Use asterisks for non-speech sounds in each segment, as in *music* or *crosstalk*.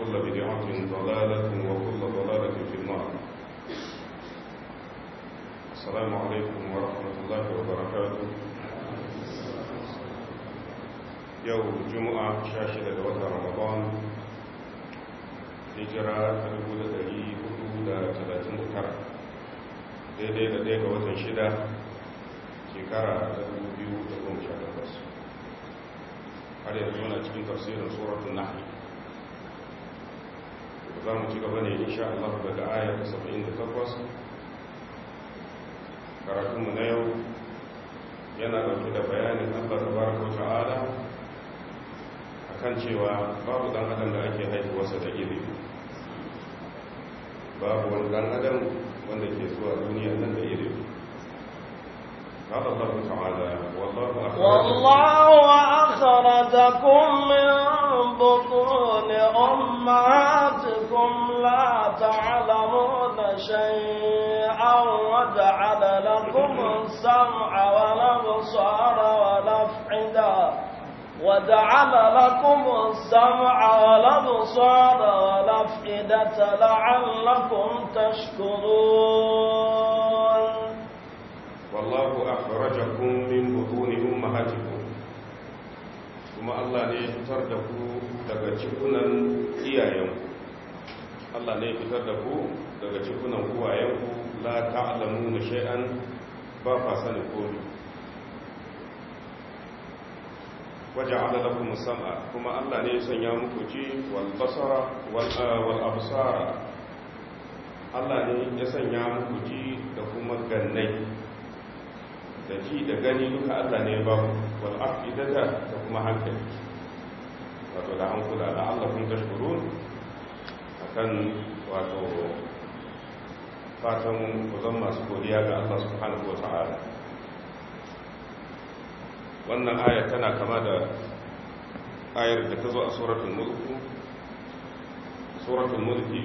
وكل بدعة ضلالة وكل ضلالة في النار السلام عليكم ورحمة الله وبركاته يوم الجمعة شاشة دوات رمضان إجراء الأولى دهي أولى تلاتين وكرة دي دي دي دوات شدة تكرة تلقود دهي حدود تلقود دهي حدود تلقود دهي حدود تلقود za mu ci gaba ne insha Allah daga ayar ta 78 karatunmu na yau yana dauke da bayanin Allah tabaraka wa ta'ala akan cewa babu dan adam da ake haihuwarsa da iri babu wani dan adam wanda ke zuwa duniya nan da iri هذا الله تعالى والله أخرجكم من بطون أمهاتكم لا تعلمون شيئا وجعل لكم السمع والأبصار والأفئدة وجعل لكم السمع والأبصار والأفئدة لعلكم تشكرون والله أخرجكم من بطون أمهاتكم kuma Allah ne ya fitar da ku daga cikunan iyayenku Allah ne ya fitar da ku daga cikunan uwayenku la ta'lamu na shay'an ba fa sani komai waja'ala lakum sam'a kuma Allah ne ya sanya muku ji wal basara ah, wal absara Allah ne ya sanya muku ji da kuma gannai da ji da gani duka Allah ne ya ba ku wal afidata da kuma hankali wato da an kula da Allah kun tashkurun akan wato fatan ku zama masu godiya ga Allah subhanahu wa ta'ala wannan aya tana kama da ayar da ta zo a suratul mulku suratul mulki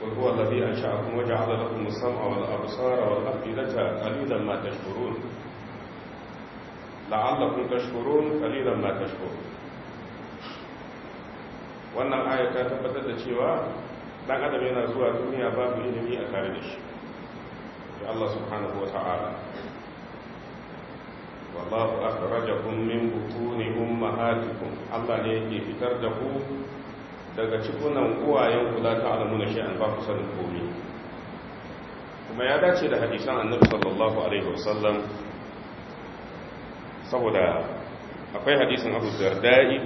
قل هو الذي أنشأكم وجعل لكم السمع والأبصار والأفئدة قليلا ما تشكرون la'allakum tashkurun qalilan ma tashkurun wannan aya ta tabbatar da cewa dan adam yana zuwa duniya babu ilimi a tare da shi Ya Allah subhanahu wa ta'ala wallahu akhrajakum min butuni ummahatikum Allah ne yake fitar da ku daga cikunan uwayen ku za ta alamu alamuna shay'an ba ku sanin komai kuma ya dace da hadisan annabi sallallahu alaihi wasallam saboda akwai hadisin abu zarda'i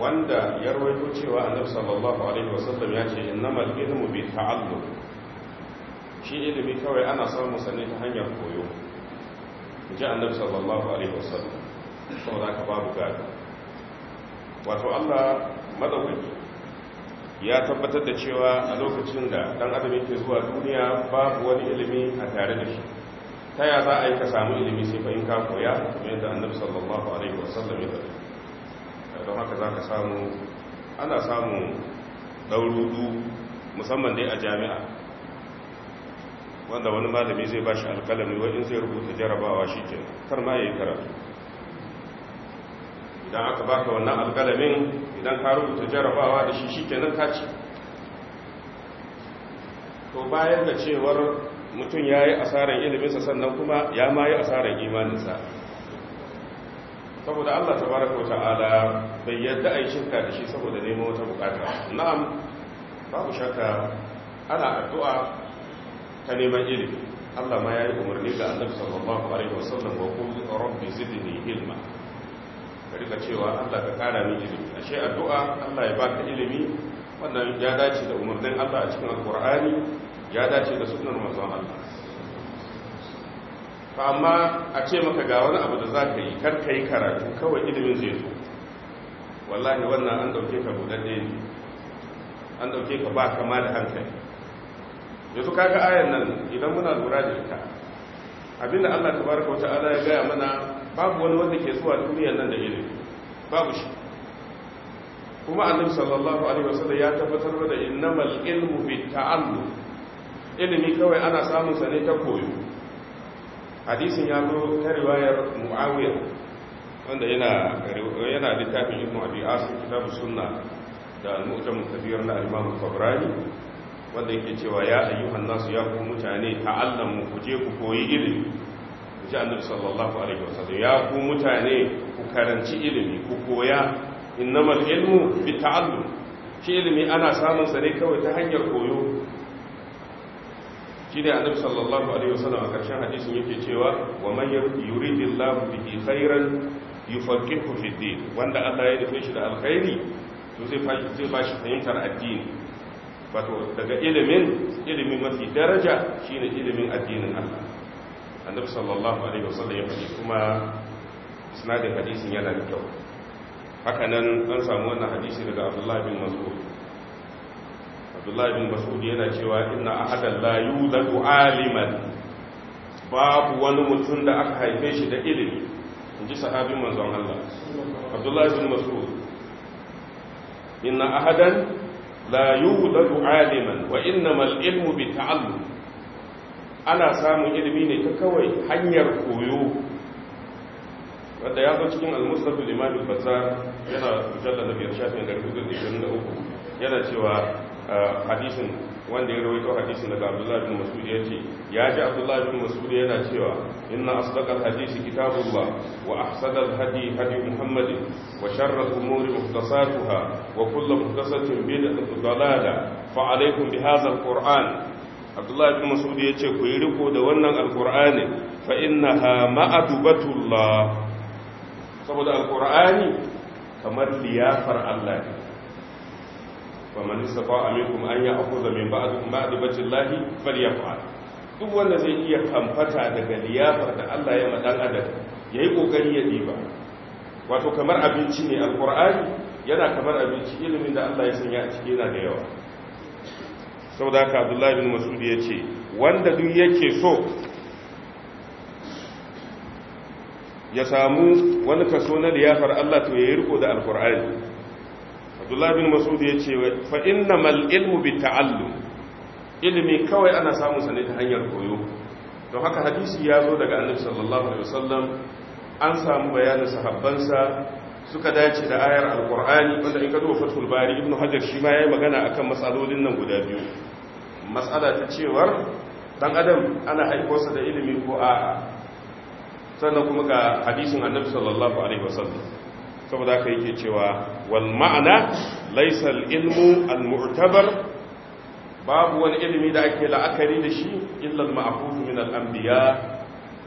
wanda ya rawaito cewa annabi sallallahu alaihi wasallam ya ce innamal ilmu bi ta'allum shi ilimi kawai ana samun sa ne ta hanyar koyo ji annabi sallallahu alaihi wasallam saboda ka babu gado wato Allah madaukaki ya tabbatar da cewa a lokacin da dan adam yake zuwa duniya babu wani ilimi a tare da shi ta ya za a yi ka samu ilimi sai fa ka koya kamar yadda annabi sallallahu alaihi wasallam ya faɗi don haka za ka samu ana samun ɗaurudu musamman dai a jami'a wanda wani malami zai ba shi alkalami wajen zai rubuta jarabawa shi ke kar ma ya yi karatu idan aka ba ka wannan alkalamin idan ka rubuta jarabawa da shi shi ke nan kaci to bayan da cewar mutum ya yi asarar iliminsa sannan kuma ya ma yi asarar imaninsa saboda allah ta baraka wa ta'ala bai yadda a yi shirka da shi saboda neman wata bukata na'am babu shakka ana addu'a ta neman ilimi allah ma ya yi umarni ga annabi sallallahu alaihi wasallam wa qul rabbi zidni ilma ka rika cewa allah ka kara min ilimi ashe addu'a allah ya baka ilimi wannan ya dace da umarnin allah a cikin alqur'ani ya dace da sunan manzon Allah fa amma a ce maka ga wani abu da za ka yi kar ka yi karatu kawai ilimin zai zo wallahi wannan an dauke ka budadde ne an dauke ka ba kama da hankali yanzu kaga ayan nan idan muna lura da ita abinda Allah tabaraka wata'ala ya gaya mana babu wani wanda ke zuwa duniyar nan da ilimi babu shi kuma annabi sallallahu alaihi wasallam ya tabbatar da innamal ilmu bi ta'allum ilimi kawai ana samun sa ne ta koyo hadisin ya zo ta riwayar mu'awiyar wanda yana yana littafin ibn abi su kitabu suna da al-mu'tamu kabir na al-imam al-tabrani wanda yake cewa ya ayyuhan nasu ya kuma mutane a ta'allamu ku je ku koyi ilimi ji annabi sallallahu alaihi wasallam ya ku mutane ku karanci ilimi ku koya innamal ilmu bi ta'allum shi ilimi ana samun sa ne kawai ta hanyar koyo shine annabi sallallahu alaihi wasallam a karshen hadisin yake cewa wa man yuridillahu bihi khairan yufaqihu fi din wanda Allah ya nufe shi da alkhairi to zai zai ba shi fahimtar addini wato daga ilimin ilimin mafi daraja shine ilimin addinin Allah annabi sallallahu alaihi wasallam ya faɗi kuma sanadin hadisin yana da kyau haka nan an samu wannan hadisi daga Abdullah bin Mas'ud abdullahi bin mas'ud yana cewa inna ahadan la yuladu aliman babu wani mutum da aka haife shi da ilimi in inji sahabin manzon Allah abdullahi bin mas'ud inna ahadan la yuladu aliman wa innamal ilmu bi ta'allum ana samun ilimi ne ta kawai hanyar koyo wadda ya zo cikin al-mustaqbal imam al-bazar yana mujallal da biyar shafin da rubutun 23 yana cewa hadisin wanda ya rawaito hadisin daga Abdullah bin Mas'ud ya ce ya ji Abdullah bin Mas'ud yana cewa inna asdaqal hadisi kitabullah wa ahsanal hadi hadi Muhammad wa sharral umuri muhtasatuha wa kullu muhtasatin bid'atun dalala fa alaykum bi hadha alquran Abdullah bin Mas'ud ya ce ku yi riko da wannan alqur'ani fa innaha ma'atubatullah saboda alqur'ani kamar liyafar Allah ne wa man istata'a minkum an ya'khudha min ba'di ma'dibati llahi falyaf'al duk wanda zai iya kamfata daga liyafar da Allah ya madan adam yayi kokari ya diba wato kamar abinci ne alqur'ani yana kamar abinci ilimin da Allah ya sanya a cikin yana da yawa saboda haka Abdullah masu Mas'ud ce wanda duk yake so ya samu wani kaso na liyafar Allah to ya yi riko da alkur'ani abdullahi bin masud ya ce fa innamal ilmu bi ta'allum ilimi kawai ana samun sa ne ta hanyar koyo don haka hadisi ya zo daga annabi sallallahu alaihi wasallam an samu bayanin sahabbansa suka dace da ayar alqur'ani wanda in ka duba fathul bari ibnu hajar shi ma yayi magana akan matsalolin nan guda biyu matsala ta cewar dan adam ana sa da ilimi ko a'a sannan kuma ga hadisin annabi sallallahu alaihi wasallam saboda ka yake cewa wal ma'ana laisal ilmu al mu'tabar babu wani ilimi da ake la'akari da shi illa al ma'khuz min al anbiya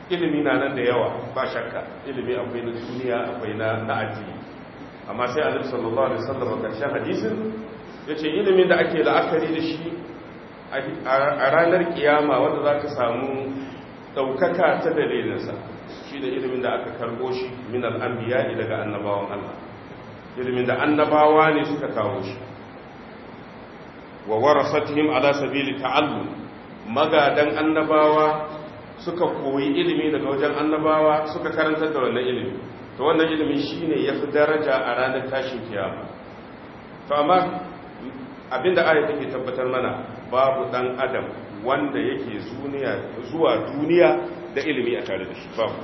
ilimi na nan da yawa ba shakka ilimi akwai na duniya akwai na na amma sai annabi sallallahu alaihi wasallam a ƙarshen hadisin yace ilimin da ake la'akari da shi a ranar kiyama wanda zaka samu daukaka ta dalilinsa da ilimin da aka karbo shi min al'ambiya daga annabawan Allah ilimin da annabawa ne suka kawo shi wa warasatihim ala sabili ta'allum magadan annabawa suka koyi ilimi daga wajen annabawa suka karanta da wannan ilimi to wannan ilimi shine fi daraja a ranar tashin kiyama to amma abinda ayat take tabbatar mana babu dan adam wanda yake zuwa duniya da ilimi a tare da shi babu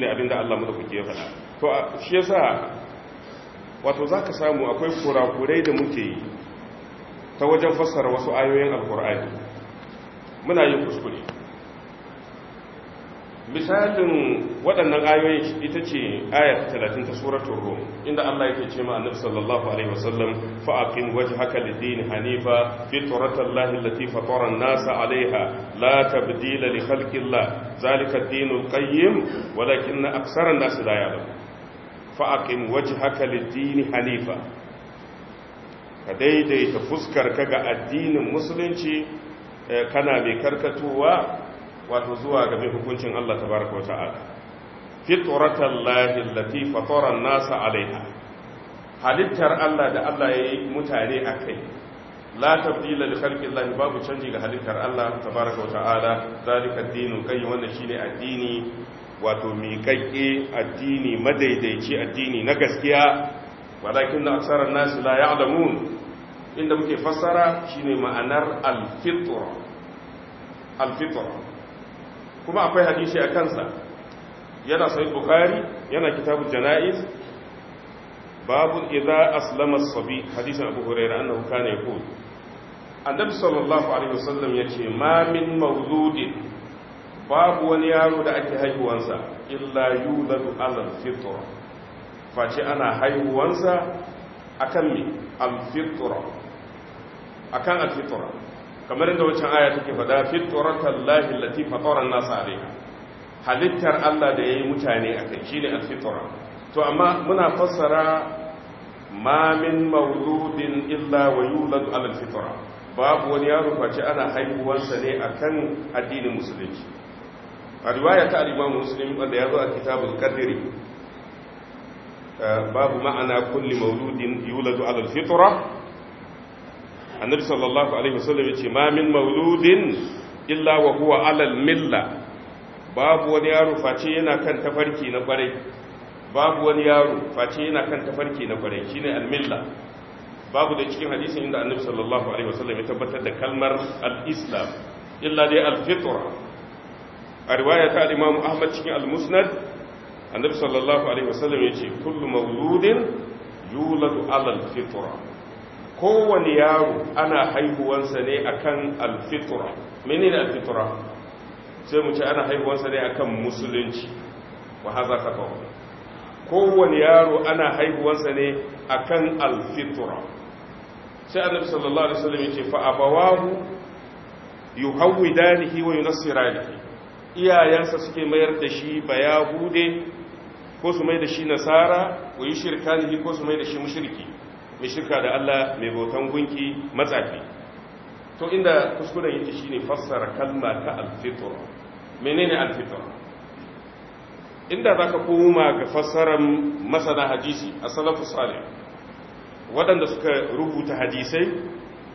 ne abin da Allah madaukaki ya faɗa to shi yasa wato zaka samu akwai kurakurai da muke yi ta wajen fassara wasu ayoyin alkur'ani muna yin kuskure misalin waɗannan ayoyi ita ce ayar talatin ta suratul rum inda Allah yake ce ma annabi sallallahu alaihi wasallam fa aqim wajhaka lid-din hanifa lahi allati fatara an-nasa alaiha la tabdila li khalqillah zalika ad-dinul qayyim walakinna aktsara an-nas la ya'lam fa aqim wajhaka lid-din hanifa ka daidaita fuskar ka ga addinin musulunci eh, kana mai karkatuwa wato zuwa ga bin hukuncin Allah tabaraka wa ta'ala fitratal lahi allati fatara an-nasa alaiha, halittar Allah da Allah ya yi mutane akai la tabdila li khalqi Allah babu canji ga halittar Allah tabaraka wa ta'ala zalika ad-dinu kai wannan shine addini wato miƙaƙƙe addini madaidaici addini na gaskiya walakin na aksarar nasu la ya'lamun inda muke fassara shine ma'anar al-fitra. kuma akwai hadisi a kansa yana sahih Bukhari yana kitabul jana'iz babu idza aslama sabi hadisi abu hurairah annahu kana yaqul annabi sallallahu alaihi wasallam yace ma min mawludin babu wani yaro da ake haihuwansa illa yuladu alal fitra face ana haihuwansa akan mi al fitra akan al fitra kamar inda wancan aya take faɗa fitratan lahi lati fatara nas alaiha halittar Allah da yayi mutane akai shine al-fitra to amma muna fassara ma min mawludin illa wa yuladu al-fitra babu wani yaro face ana sa ne akan addinin musulunci a riwaya ta al-Imam Muslim wanda ya zo a kitabul Qadri eh, babu ma'ana kulli mawludin yuladu ala al-fitra annabi sallallahu alaihi wasallam ya ce ma min mauludin illa wa huwa alal milla babu wani yaro face yana kan tafarki na kwarai babu wani yaro face yana kan tafarki na kwarai shine al milla babu da cikin hadisin inda annabi sallallahu alaihi wasallam ya tabbatar da kalmar al-islam illa dai al-fitra a riwaya ta al-imam ahmad cikin al-musnad annabi sallallahu alaihi wasallam ya ce kullu mawludin yuladu ala fitra kowane yaro ana haihuwansa ne akan alfitura menene alfitura sai mu ce ana haihuwansa ne akan musulunci wa haza kawo kowane yaro ana haihuwansa ne akan alfitura sai annabi sallallahu alaihi wasallam yace fa abawahu yuhawidanihi wa yunassiranihi iyayensa suke mayar da shi ba hude. ko su mai da shi nasara shirka yushirkanihi ko su mai da shi mushriki mai shirka da Allah mai bautan gunki matsafi to inda kuskuren yake shine fassara kalma ta alfitr menene alfitr inda zaka koma ga fassarar masana hadisi as-salafu salih wadanda suka rubuta hadisai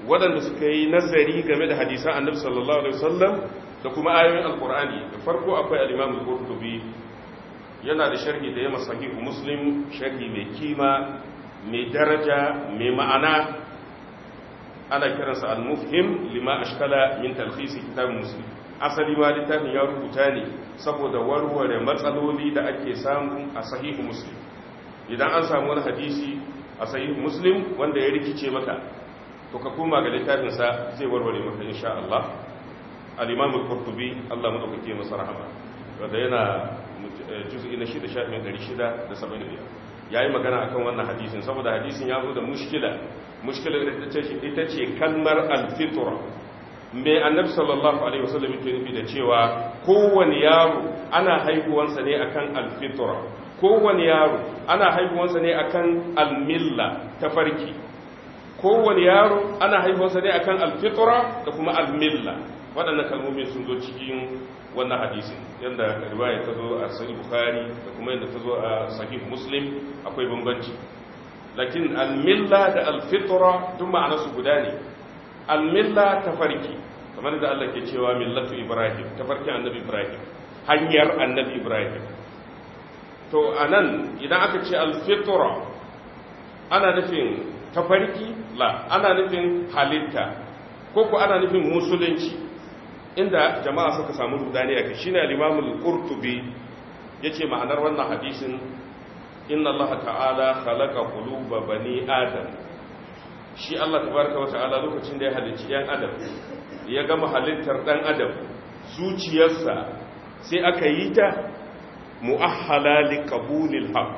waɗanda suka yi nazari game da hadisan annabi sallallahu alaihi wasallam da kuma ayoyin alqur'ani da farko akwai al-imam al-qurtubi yana da sharhi da yamma sahihu muslim sharhi mai kima mai daraja mai ma'ana ana kiransa al-mufhim lima ashkala min talhisi kitab muslim asali ma littafin ya rubuta ne saboda warware matsaloli da ake samu a sahihu muslim idan an samu wani hadisi a sahihu muslim wanda ya rikice maka to ka koma ga sa zai warware maka insha Allah al-imam al-qurtubi Allah mu dauke masa rahama wanda yana eh, juz'i na 6 da 75 ya yi magana akan wannan hadisin saboda hadisin ya zo da mushkila mushkilar ita ce kalmar alfitura mai annabi sallallahu alaihi wasallam yake nufi da cewa kowane yaro ana haihuwansa ne akan alfitura kowane yaro ana haihuwansa ne akan almilla ta farki kowane yaro ana haihuwansa ne akan alfitura da kuma almilla waɗannan kalmomin sun zo cikin wannan hadisin yadda riwaya ta zo a sahih bukhari da kuma yadda ta zo a sahih muslim akwai bambanci lakin almilla da alfitra duk su guda ne almilla tafarki kamar da Allah ke cewa millatu ibrahim tafarki annabi ibrahim hanyar annabi ibrahim to anan idan aka ce alfitra ana nufin tafarki la ana nufin halitta ko ko ana nufin musulunci inda jama'a suka samu rudani a kashi ne limamul ya yace ma'anar wannan hadisin inna allaha ta'ala khalaqa quluba bani adam shi Allah tabaraka wa ta'ala lokacin da ya halicci yan adam ya gama halittar dan adam zuciyarsa sai aka yi ta mu'ahhala li qabulil haqq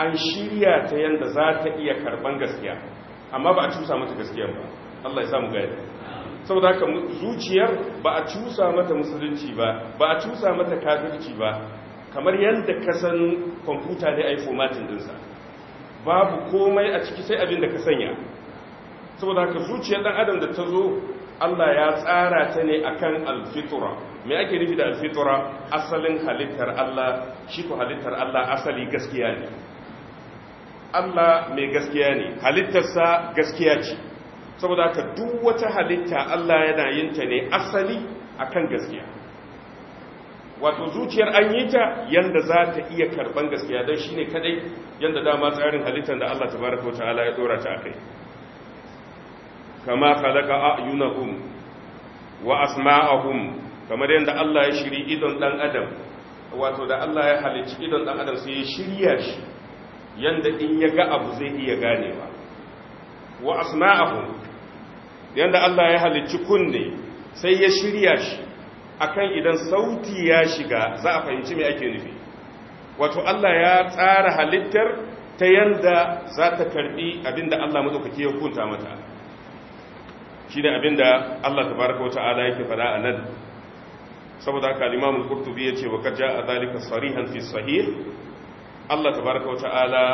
an shirya ta yanda za ta iya karban gaskiya amma ba a cusa mata gaskiya ba Allah ya samu gaya saboda haka zuciyar ba a cusa mata musulunci ba ba a cusa mata kafirci ba kamar yadda ka san kwamfuta ne a yi fomatin dinsa babu komai a ciki sai abin da ka sanya saboda haka zuciyar dan adam da ta zo Allah ya tsara ta ne a kan alfitura mai ake nufi da alfitura asalin halittar Allah shi ko halittar Allah asali gaskiya ne Allah mai gaskiya ne halittarsa gaskiya ce saboda ka duk wata halitta Allah yana yin ta ne asali akan gaskiya wato zuciyar an yi ta yanda za ta iya karban gaskiya don shi ne kadai yanda dama tsarin halittar da Allah tabaraka ta'ala ya tsora ta kai kama khalaqa a'yunahum wa asma'ahum kamar yadda Allah ya shiri idon dan adam wato da Allah ya halicci idon dan adam sai ya shirya shi yanda in ya ga abu zai iya ganewa wa asma'ahum yanda Allah ya halicci kunne sai ya shirya shi akan idan sauti ya shiga za a fahimci mai ake nufi wato Allah ya tsara halittar ta yanda za ta karbi abinda Allah madaukake ya hukunta mata shine abinda Allah baraka wa ta'ala yake fada a nan saboda haka Limamin kurtubi ya ce yace wa kaja a zalika sarihan fi sahih Allah tabaraka wa ta'ala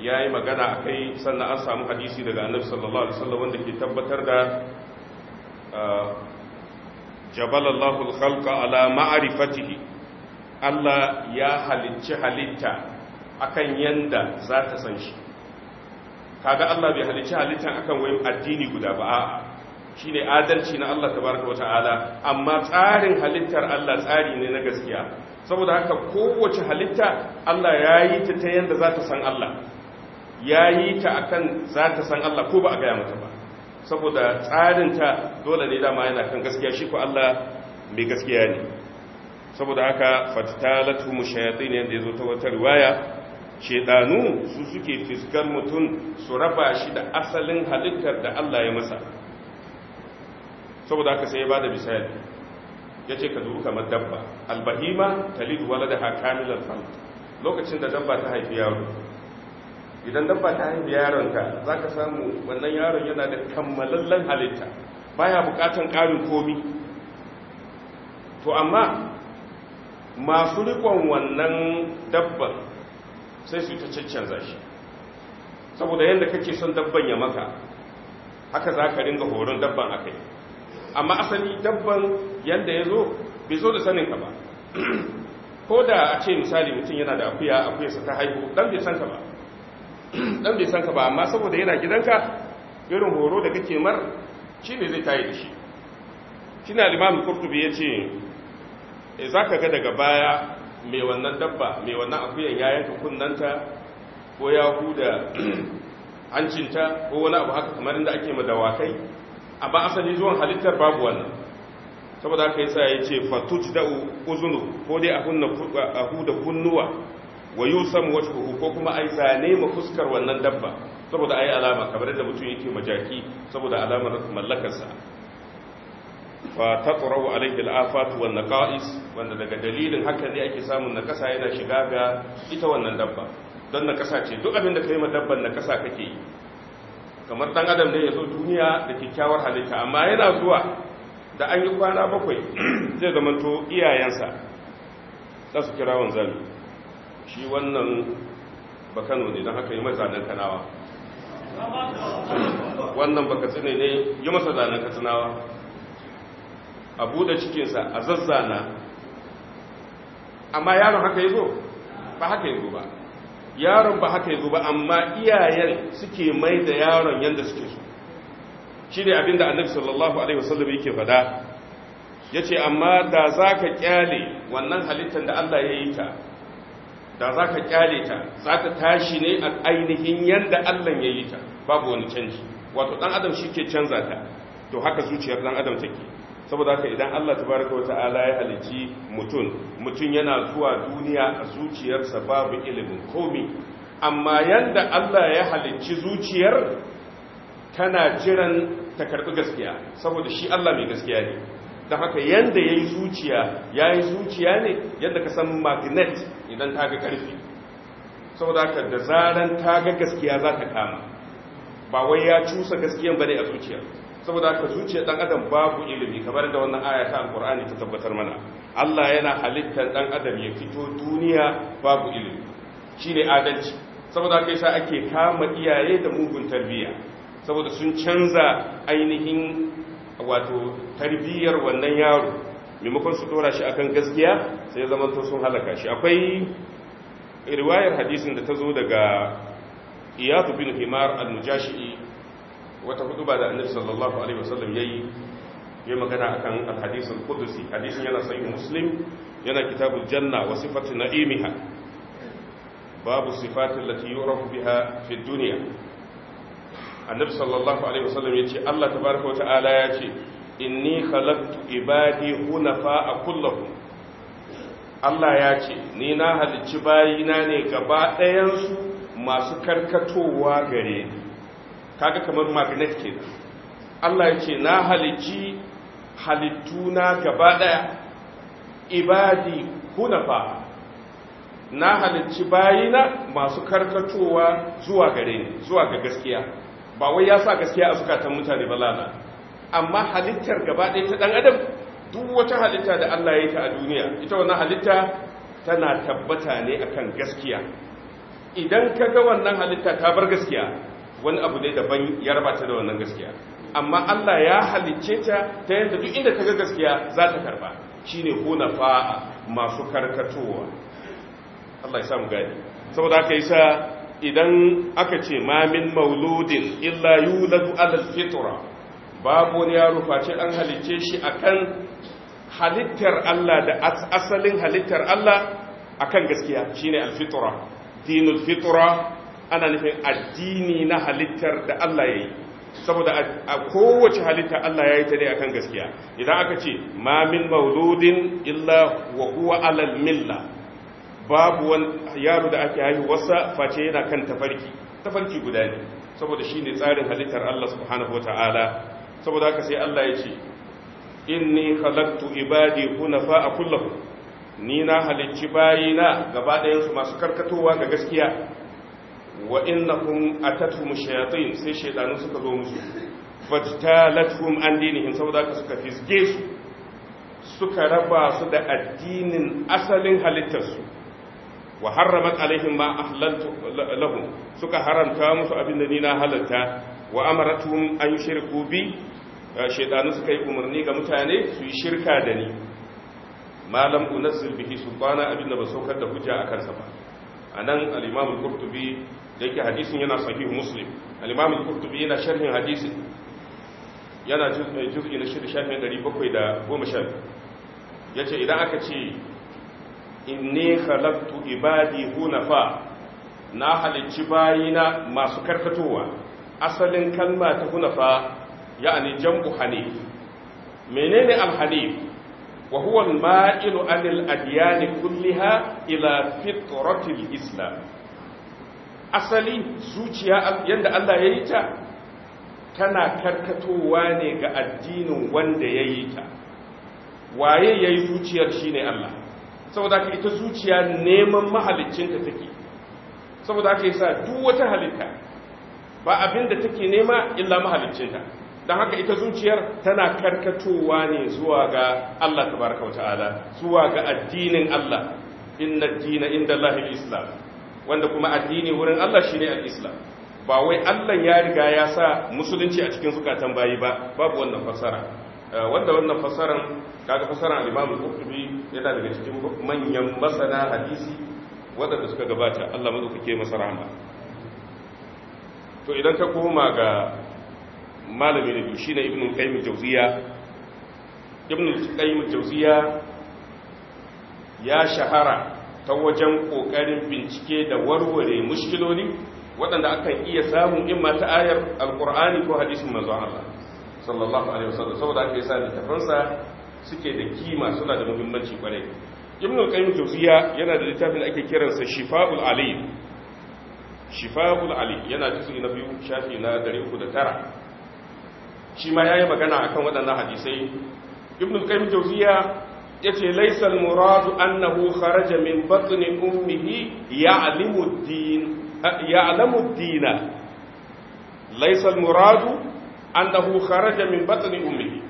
ya yi magana a kai sannan an samu hadisi daga annabi sallallahu alaihi wasallam wanda ke tabbatar da uh, jabalallahu alkhalqa ala ma'rifatihi Allah ya halicci halitta akan yanda za ta san shi kaga Allah bai halicci halittan akan wani addini guda ba a'a shine adalci na Allah tabaraka wataala amma tsarin halittar Allah tsari ne na gaskiya saboda haka kowace halitta Allah ya yi ta ta yanda za ta san Allah ya yi ta akan za ta san Allah ko ba a gaya mata ba saboda tsarinta dole ne dama yana kan gaskiya shi ko Allah mai gaskiya ne saboda haka fatalatu mushayatin ya yazo ta wata riwaya shedanu su suke fiskar mutum su raba shi da asalin halittar da Allah ya masa saboda haka sai ya bada misali yace ka dubu kamar dabba albahima talidu waladaha kamilan fal lokacin da dabba ta haifi yaro idan dabba ta haifi yaronka za ka samu wannan yaron yana da kammalallen halitta ba ya bukatan karin komi to amma masu rikon wannan dabban sai su ta caccanza shi saboda yadda kake son dabban ya maka haka za ka ringa horon dabban a kai amma asali dabban yadda ya zo bai zo da saninka ba *clears throat* ko da a ce misali mutum yana da akuya akuyarsa ta haihu dan bai san ka ba dan *clears throat* bai san ka ba amma saboda yana gidanka irin horo da kake mar shi ne zai tayi da shi kina Limamin qurtubi yace e eh, zaka ga daga baya mai wannan dabba mai wannan akuyan ya yanka kunnanta ko ya huda *clears throat* hancinta ko wani abu haka kamar inda ake ma dawakai amma asali zuwan halittar babu wannan saboda haka yasa yace da uzunu ko dai a hunna a huda kunnuwa wa yusam wajhuhu ko kuma ai zane ma fuskar wannan dabba saboda ai alama kamar da mutum yake majaki saboda alamar mallakarsa fa taqra'u alayhi al-afat wa naqais wanda daga dalilin haka ne ake samun nakasa yana shiga ga ita wannan dabba don nakasa ce duk abin da kai ma dabban nakasa kake yi kamar dan adam ne ya zo duniya da kyakkyawar halitta amma yana zuwa da an yi kwana bakwai *clears throat* zai zamanto iyayensa za su kira wanzami shi wannan bakano ne don haka yi masa zanen kanawa wannan baka tsine ne yi masa zanen katsinawa a buɗe cikinsa a zazzana amma yaron haka yi zo ba haka yi zo ba yaron ba haka yi zo ba amma iyayen suke mai da yaron yadda suke su shi ne abinda annabi sallallahu alaihi wasallam yake fada ya ce amma da za ka kyale wannan halittar da allah ya yi ta da za ka kyale ta za ka tashi ne a ainihin yadda Allah ya yi ta babu wani canji wato ɗan adam shi ke canza ta to haka zuciyar ɗan adam take saboda haka idan Allah Ta baraka wa ta'ala ya halici mutum mutum yana zuwa duniya a zuciyarsa babu ilimin komi amma yadda Allah ya halicci zuciyar tana jiran ta karɓi gaskiya saboda shi Allah mai gaskiya ne Da haka yadda ya yi zuciya ya yi zuciya ne yadda ka san magnet idan ta ga karfi saboda haka da zaran ta ga gaskiya za ta kama ba wai ya cusa gaskiyan ba ne a zuciya saboda haka zuciya dan adam babu ilimi kamar da wannan ayata a ƙorani ta tabbatar mana Allah yana halittar ɗan adam ya fito duniya babu ilimi shi ne adalci saboda haka yasa ake kama iyaye da mugun tarbiyya saboda sun canza ainihin wato tarbiyyar wannan yaro maimakon su dora shi akan gaskiya sai zama to sun halaka shi akwai riwayar hadisin da ta zo daga iyatu bin himar al-mujashi'i wata huduba da annabi sallallahu alaihi wasallam yayi ya magana akan al-hadis al-qudsi hadisin yana sahih muslim yana kitabul janna wa sifatu na'imiha babu sifatin lati yu'rafu biha fi dunya annabi sallallahu alaihi wasallam ya ce Allah tabaraka wata'ala ya ce inni khalaqtu ibadi hunafa kullahum Allah ya ce ni na halicci bayina ne gaba ɗayansu masu karkatowa gare ni kaga kamar magnet kenan Allah ya ce na halicci halittuna gaba ɗaya ibadi hunafa na halicci bayina masu karkatowa zuwa gare ni zuwa ga gaskiya ba wai ya sa gaskiya a zukatan mutane ba lana amma halittar gaba ɗaya ta ɗan adam duk wata halitta da Allah ya yi ta a duniya ita wannan halitta tana tabbata ne akan gaskiya idan ka ga wannan halitta ta bar gaskiya wani abu ne daban ya raba ta da wannan gaskiya amma Allah ya halicce ta ta yadda duk inda ka ga gaskiya za ta karba shine fa'a masu karkatowa Allah ya samu gani saboda haka yasa idan aka ce mamin mauludin illa yuladu alal fitra babu wani yaro face an halicce shi akan halittar Allah da asalin halittar Allah akan gaskiya shine alfitra dinul fitra ana nufin addini na halittar da Allah yayi saboda a kowace halitta Allah yayi ta ne akan gaskiya idan aka ce mamin mauludin illa wa huwa alal milla babu wani yaro da ake wasa face yana kan tafarki tafarki guda ne saboda shi tsarin halittar Allah subhanahu wa saboda haka sai Allah ya ce inni khalaqtu ibadi hunafa a ni na halicci bayina gaba ɗayansu masu karkatowa ga gaskiya wa innakum atatuhum shayatin sai shaytanu suka zo musu fajtalathum an dinihim saboda haka suka fisge su suka raba su da addinin asalin halittarsu wa harramat alaihim ma ahlaltu lahum suka haramta musu abinda ni na halalta wa amaratuhum an yushriku bi eh, shaytanu suka yi umarni ga mutane su yi shirka da ni malam unazzil bihi sultana abinda ba saukar da hujja akan sa ba anan al-imam al-qurtubi yake hadisin yana sahih muslim al-imam al-qurtubi yana sharhin hadisin yana juz'i eh, na shirhi shafin yace idan aka ce inni khalaqtu ibadi hunafa na halicci bayina masu karkatowa asalin kalma ta hunafa ya'ani jam'u hanif menene al-hanif wa huwa al-ma'ilu 'anil adyan kulliha ila fitratil islam asali zuciya yanda Allah ya yi ta tana karkatowa ne ga addinin wanda ya yi ta waye ya yi zuciyar shi ne Allah saboda haka ita zuciya neman mahalicinta take saboda haka yasa duk wata halitta ba abin da take nema illa mahalicinta don haka ita zuciyar tana karkatowa ne zuwa ga Allah tabaraka wa ta'ala zuwa ga addinin Allah inna ad-dina inda Allahil Islam wanda kuma addini wurin Allah shine al-Islam ba wai Allah ya riga ya sa musulunci a cikin zukatan bayi ba babu wannan fassara Eh, wanda wannan fasaran kaga fasaran al-Imam Qurtubi yana daga cikin manyan masana hadisi da suka gabata Allah madaukake masa rahama to idan ka koma ga malami da shine Ibn Qayyim Jawziya Ibn Qayyim Jawziya ya shahara ta wajen kokarin bincike da warware mushkiloli waɗanda akan iya samun imma ta ayar alkur'ani ko hadisin manzon Allah sallallahu alaihi wasallam saboda haka yasa littafansa suke da kima suna da muhimmanci kwarai ibnu qayyim jawziya yana da littafin da ake kiransa shifa'ul alim shifa'ul alim yana juz'i na biyu shafi na 309 shi ma yayi magana akan waɗannan hadisai ibnu qayyim jawziya yace laysa al-muradu annahu kharaja min batni ummihi ya'lamu ad-din ya'lamu ad-dina laysa al-muradu annahu kharaja min batni ummihi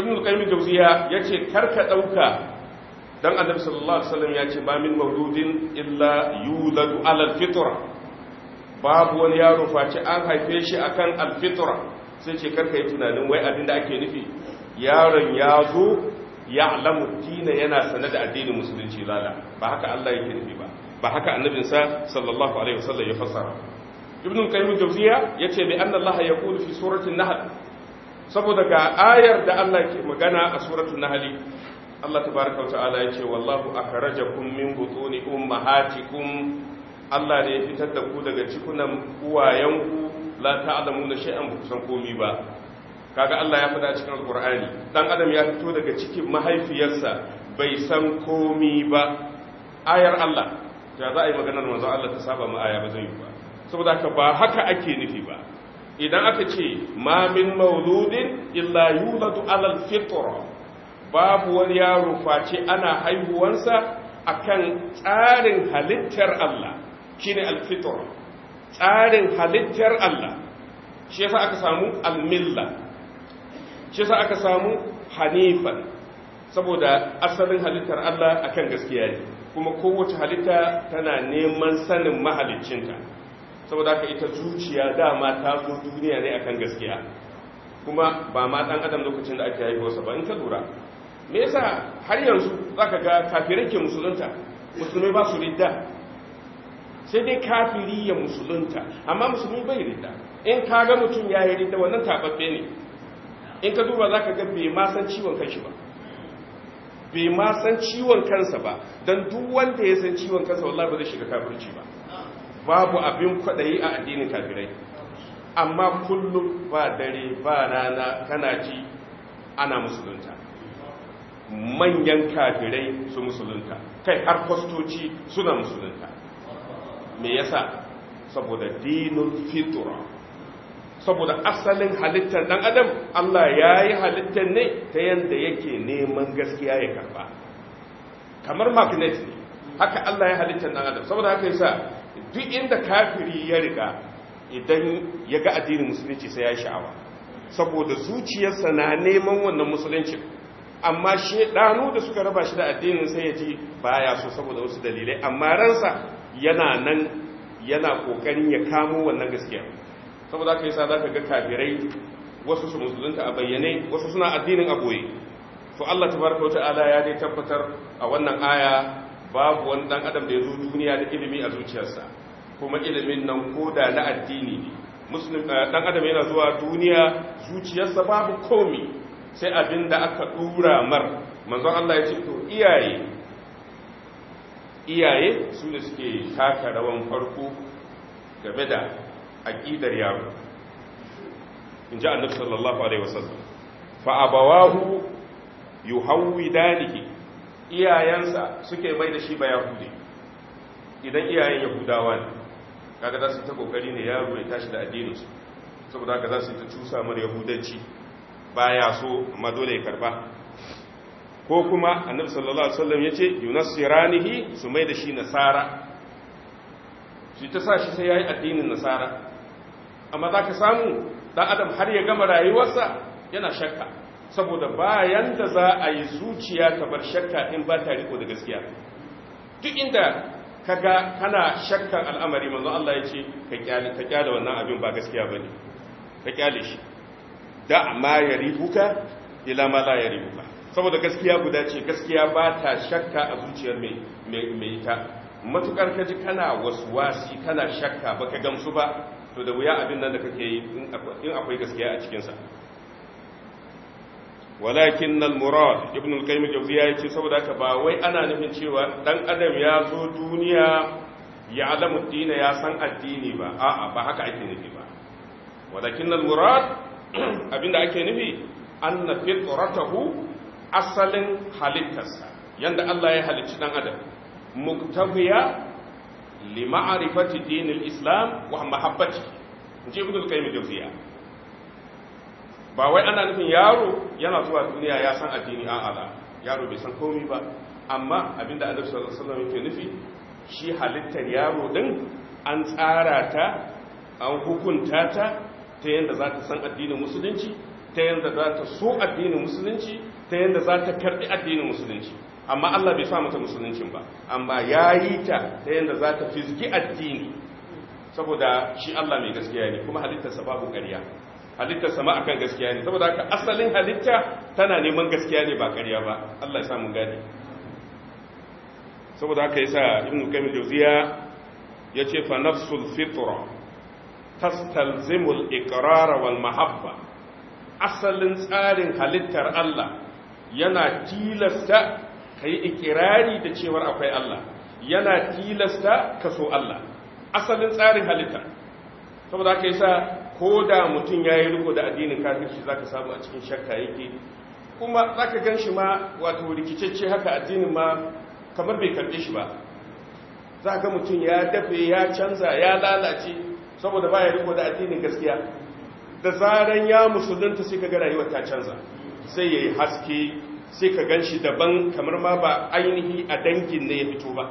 ibn al-qayyim jawziya yace karka dauka dan annabi sallallahu alaihi wasallam yace ba min mawludin illa yuladu ala al babu wani yaro face an haife shi akan al sai ce karka yi tunanin wai abin da ake nufi yaron ya zo ya alamu dina yana sanar da addinin musulunci lala ba haka Allah yake nufi ba ba haka annabinsa sallallahu alaihi wasallam ya fassara ibn qayyim jawziya yace bi anna allaha yaqulu fi surati an-nahl saboda ga ayar da Allah ke magana a suratul nahl Allah tabaaraka wa ta'ala yace wallahu akhrajakum min butuni ummahatikum Allah ne ya fitar da ku daga cikunan uwayenku la ta'lamuna shay'an ba kusan komai ba kaga Allah ya fada cikin alqur'ani dan adam ya fito daga cikin mahaifiyarsa bai san komai ba ayar Allah ta za a yi maganar manzo Allah ta saba ma aya ba zai yi ba saboda ka ba haka ake nufi ba idan aka ce mamin mauludin illa yuladu alal fitra babu wani yaro face ana haihuwansa akan tsarin halittar Allah shine alfitr tsarin halittar Allah shi yasa aka samu almilla shi yasa aka samu hanifan saboda asalin halittar Allah akan gaskiya ne kuma kowace halitta tana neman sanin mahaliccinta saboda haka ita zuciya dama ta zo duniya ne akan gaskiya kuma ba ma dan adam lokacin da ake haihuwarsa ba in ka lura me yasa har yanzu zaka ga kafirai ke musulunta musulmai ba su ridda sai dai kafiri ya musulunta amma musulmi bai ridda in ka ga mutum ya yi ridda wannan tababbe ne in ka duba zaka ga bai ma san ciwon kanshi ba bai ma san ciwon kansa ba don duk wanda ya san ciwon kansa wallahi ba zai shiga kafirci ba babu abin kwaɗayi a addinin kafirai amma kullum ba dare ba rana kana ji ana musulunta manyan kafirai su musulunta kai har kwastoci suna musulunta me yasa saboda dinin fitura saboda asalin halittar dan adam Allah ya yi halittar ne ta yadda yake neman gaskiya ya karba kamar magnet ne haka Allah ya halittar dan adam saboda haka yasa duk inda kafiri ya riga idan ya ga addinin musulunci sai ya sha'awa saboda zuciyarsa na neman wannan musuluncin amma shedanu da suka raba shi da addinin sai ya ji baya so saboda wasu dalilai amma ransa yana nan yana kokarin ya kamo wannan gaskiya saboda haka yasa zaka ga kafirai wasu su musulunta a bayyane wasu suna addinin aboye to Allah tabaraka ta'ala ya dai tabbatar a wannan aya babu wani dan adam da ya zo duniya da ilimi a zuciyarsa kuma ilimin nan koda na addini ne muslim eh, dan adam yana zuwa duniya zuciyarsa babu komi sai abin da aka dura mar manzon Allah ya ce to iyaye iyaye su ne suke taka rawan farko game da aqidar yaro in ji annabi sallallahu alaihi wasallam fa abawahu yuhawidanihi iyayensa suke mai da shi ba yahudi idan iyayen yahudawa ne kaga za su ta kokari ne yaro ya tashi da addininsu saboda ka za su ta cusa mar yahudanci ya so amma dole ya karba ko kuma annabi sallallahu alaihi wasallam yace Siranihi su mai da shi nasara shi ta sa shi sai ya yi addinin nasara amma za ka samu dan adam har ya gama rayuwarsa yana shakka saboda bayan da za a yi zuciya ta bar shakka in ba ta riko da gaskiya duk inda kaga kana shakkan al'amari manzo Allah ya ce ka kyale ka kyale wannan abin ba gaskiya bane ka kyale shi da ma ribuka, ila ma la ribuka. saboda gaskiya guda ce gaskiya ba ta shakka a zuciyar mai mai ita matukar ka ji kana waswasi kana shakka baka gamsu ba to da wuya abin nan da kake yi in akwai gaskiya a cikinsa walakin nan murad ibn al-qayyim jawziya yace saboda haka ba wai ana nufin cewa dan adam ya zo duniya ya alamu dina ya san addini ba a'a ba haka ake nufi ba walakin nan murad *clears throat* abinda ake nufi anna asalin halittarsa yanda Allah ya halicci dan adam muktabiya li ma'rifati islam wa mahabbati jawziya ba wai ana nufin yaro yana zuwa duniya ya san addini a ala yaro bai san komi ba amma abinda annabi sallallahu alaihi wasallam yake nufi shi halittar yaro din an tsara ta an hukunta ta ta yanda za ta san addinin musulunci ta yanda za ta so addinin musulunci ta yanda za ta karbi addinin musulunci amma Allah bai sa mata musuluncin ba amma yayi ta ta yanda za ta fizgi addini saboda shi Allah mai gaskiya ne kuma halittarsa babu ƙarya halittar sama akan gaskiya ne saboda haka asalin halitta tana neman gaskiya ne ba ƙarya ba Allah ya samu gani saboda haka yasa ibn qayyim jawziya yace fa nafsul fitra tastalzimu al-iqrar wal mahabba asalin tsarin halittar Allah yana tilasta kai ikirari da cewar akwai Allah yana tilasta ka Allah asalin tsarin halitta saboda haka yasa ko da mutum ya yi riko da addinin kafirci za ka samu a cikin shakka yake kuma za ka gan shi ma wato rikicacce haka addinin ma kamar bai karbe shi ba za ka mutum ya dafe ya canza ya lalace saboda ba ya riko da addinin gaskiya da zaren ya musulunta sai ka ga rayuwar ta canza sai ya yi haske sai ka gan shi daban kamar ma ba ainihi a dangin ne ya fito ba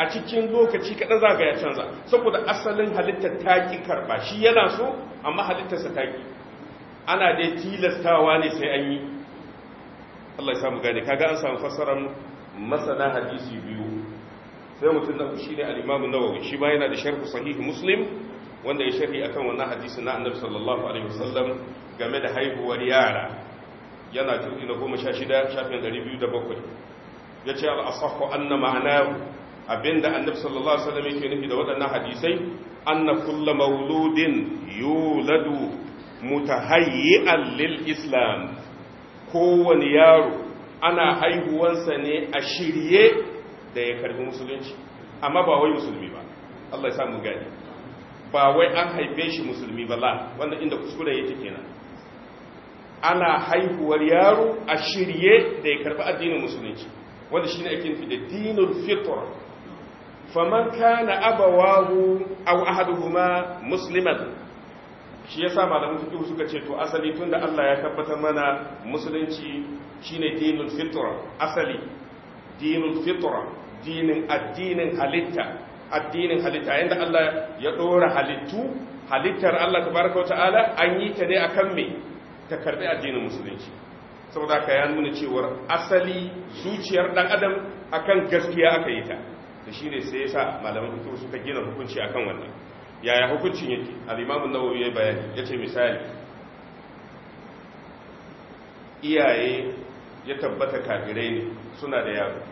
a cikin lokaci kaɗan zaga ya canza saboda asalin halittar ki karɓa shi yana so amma halittarsa ki ana dai tilastawa ne sai an yi Allah ya samu gane kaga an samu fassarar masana hadisi biyu sai mutum na shi ne al-Imam Nawawi shi ba yana da sharh sahih Muslim wanda ya sharhi akan wannan hadisi na Annabi sallallahu alaihi wasallam game da haihuwar yara yana cikin na 16 shafin 207 yace al-asahhu anna ma'nahu abinda annabi sallallahu alaihi wasallam yake nufi da waɗannan hadisai anna kullu mauludin yuladu mutahayyi'an lil islam kowane yaro ana haihuwansa ne a shirye da ya karbi musulunci amma ba wai musulmi ba Allah ya sa gani ba wai an haife shi musulmi ba la wannan inda kuskure yake kenan ana haihuwar yaro a shirye da ya karbi addinin musulunci wanda shine ake nufi da dinul fitr faman kana abawahu aw ahaduhuma musliman shi yasa malamin suke suka ce to asali tunda Allah ya tabbatar mana musulunci shine dinul fitra asali dinul fitra dinin addinin halitta addinin halitta yanda Allah ya dora halittu halittar Allah tabaraka wa ta'ala an yi ta ne akan me ta karbi addinin musulunci saboda ka ya nuna cewa asali zuciyar dan adam akan gaskiya aka yi ta da shine sai yasa malaman fiqh suka gina hukunci akan wannan yaya hukuncin yake al-imam an-nawawi ya bayani yace misali iyaye ya tabbata kafirai ne suna da yaro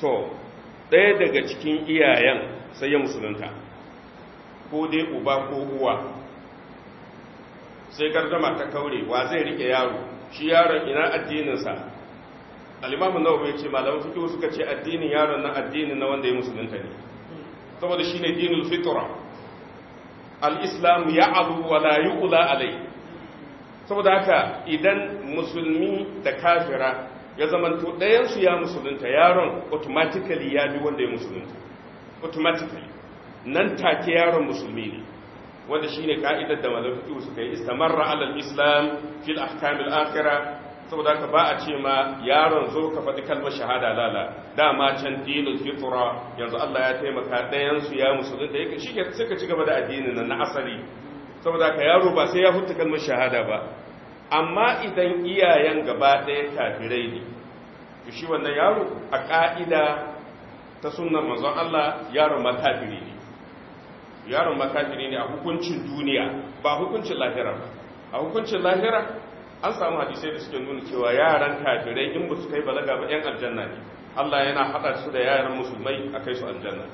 to ɗaya daga cikin iyayen sai ya musulunta ko dai uba ko uwa sai gardama ta kaure wa zai rike yaro shi yaron ina addininsa al-imamu ce yace malaman wasu ka ce addinin yaron na addinin na wanda ya musulunta ne saboda shine dinul fitra al-islam ya'lu wa la yu'la alai saboda haka idan musulmi da kafira ya zamanto ɗayan su ya musulunta yaron automatically ya bi wanda ya musulunta automatically nan take yaron musulmi ne wanda shine ka'idar da malaman wasu ka yi istamarra alal islam fil ahkamil akhira saboda haka ba a ce ma yaron zo ka faɗi kalmar shahada lala dama can dinul fitra yanzu Allah ya taimaka ɗayan su ya musulunta yake shi sai ka ci gaba da addinin nan na asali saboda haka yaro ba sai ya huta kalmar shahada ba amma idan iyayen gaba ɗaya kafirai ne to shi wannan yaro a ƙa'ida ta sunnar manzon Allah yaron ma kafiri ne yaron ma kafiri ne a hukuncin duniya ba hukuncin lahira ba a hukuncin lahira an samu hadisai da suke nuna cewa yaran kafirai in ba su kai balaga ba 'yan aljanna ne Allah yana haɗa su da yaran musulmai a kai su aljanna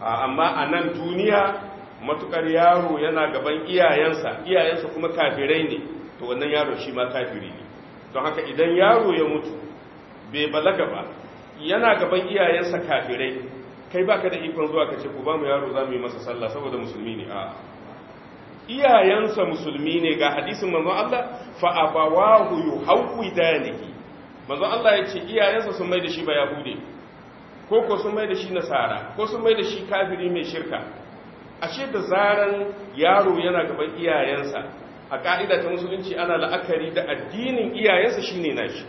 amma a nan duniya matukar yaro yana gaban iyayensa iyayensa kuma kafirai ne to wannan yaro shi ma kafiri ne don haka idan yaro ya mutu bai balaga ba yana gaban iyayensa kafirai kai baka da ikon zuwa ka ce ku ba mu yaro za mu yi masa sallah saboda musulmi ne a'a iyayensa musulmi ne ga hadisin manzon Allah fa abawahu yuhawidanihi manzon Allah ya ce iyayensa sun mai da shi ba yahude ko ko sun mai da shi nasara ko sun mai da shi kafiri mai shirka ashe da zaran yaro yana gaban iyayensa a ka'ida ta musulunci ana la'akari da addinin iyayensa shine nashi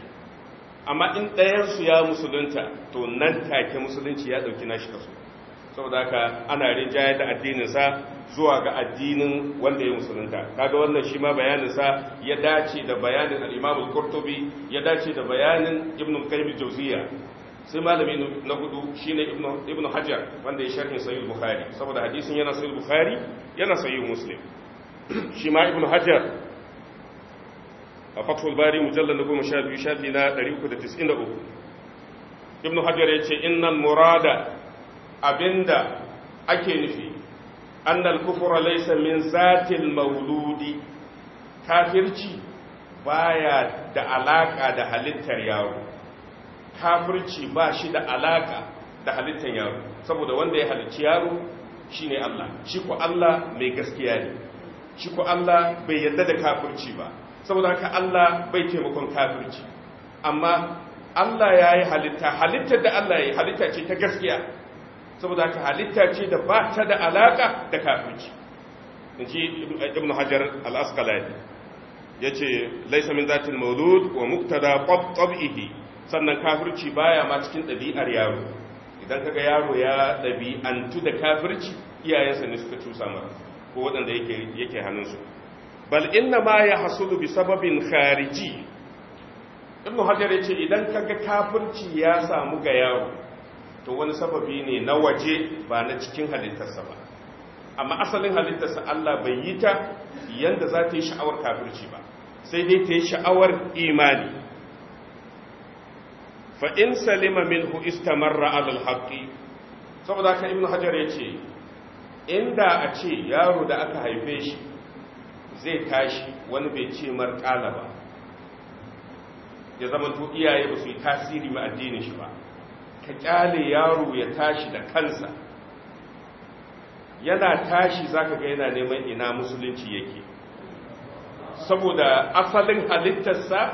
amma in ɗayansu ya musulunta to nan take musulunci ya ɗauki nashi kaso saboda haka ana rinjayar da addininsa zuwa ga addinin wanda ya musulunta kaga wannan shi ma bayaninsa ya dace da bayanin al'imamul imam al ya dace da bayanin ibn al jawziya sai malami na hudu shine ibn ibn hajar wanda ya sharhi sahih bukhari saboda hadisin yana sahih bukhari yana sahih muslim *clears throat* shi ma ibn hajar a fathul bari mujallal na goma sha biyu shafi na 393 ibn hajar ya ce innal murada abinda ake nufi annal kufra laysa min zatil mauludi kafirci baya da alaka da halittar yaro kafirci ba shi da alaka da halittar yaro saboda wanda ya halicci yaro shine Allah shi ko Allah mai gaskiya ne shi ko Allah bai yarda da kafirci ba saboda haka Allah bai taimakon kafirci amma Allah ya yi halitta halittar da Allah ya yi halitta ce ta gaskiya saboda ka halitta ce da ba ta da alaka da kafirci in ji ibn hajar al-asqalani yace laysa min zatil mawlud wa muqtada ihi sannan kafirci baya ma cikin dabi'ar yaro idan kaga yaro ya dabi'antu da kafirci iyayensa ne suka cusa masa ko waɗanda yake yake hannunsu bal inna ma hasudu bi sababin khariji ibn hajar yace idan kaga kafirci ya samu ga yaro to wani sababi ne na waje ba na cikin halittarsa ba amma asalin halittarsa Allah bai yi ta yanda za ta yi sha'awar kafirci ba sai dai ta yi sha'awar imani fa in salima minhu istamarra alal haqqi saboda ka ibnu hajar yace inda a ce yaro da aka haife shi zai tashi wani bai ce mar ba ya zama to iyaye ba su yi tasiri ma addinin shi ba ka kyale yaro ya tashi da kansa yana tashi zaka ga yana neman ina musulunci yake saboda asalin halittarsa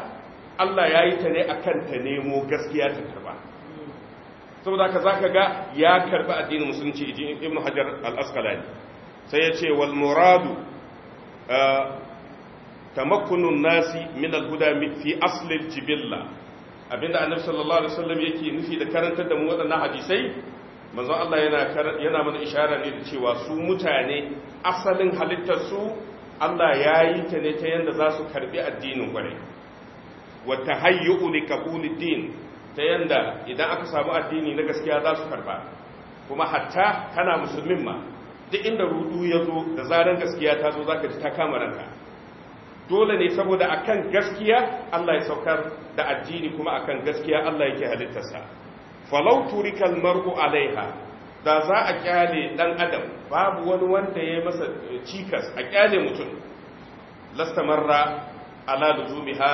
Allah ya yi ta ne kan ta nemo gaskiya ta karba saboda ka zaka ga ya karba addinin musulunci ibn hajar al sai ya ce wal muradu eh, nasi min al-huda fi aslil jibilla abinda annabi sallallahu alaihi wasallam yake nufi da karantar da mu waɗannan hadisai manzo Allah yana yana mana ishara ne da cewa su mutane asalin halittar su Allah ya yi ta ne ta yanda za su karbi addinin kwarai wa tahayyu li din ta yanda idan aka samu addini na gaskiya za su karba kuma hatta kana musulmin ma duk inda rudu ya zo da zaran gaskiya ta zo zaka ji ta kama ranka dole ne saboda akan gaskiya Allah ya saukar da addini kuma akan gaskiya Allah yake halittarsa falau turikal mar'u alaiha da za a kyale dan adam babu wani wanda ya masa cikas a kyale mutum lastamarra ala luzumiha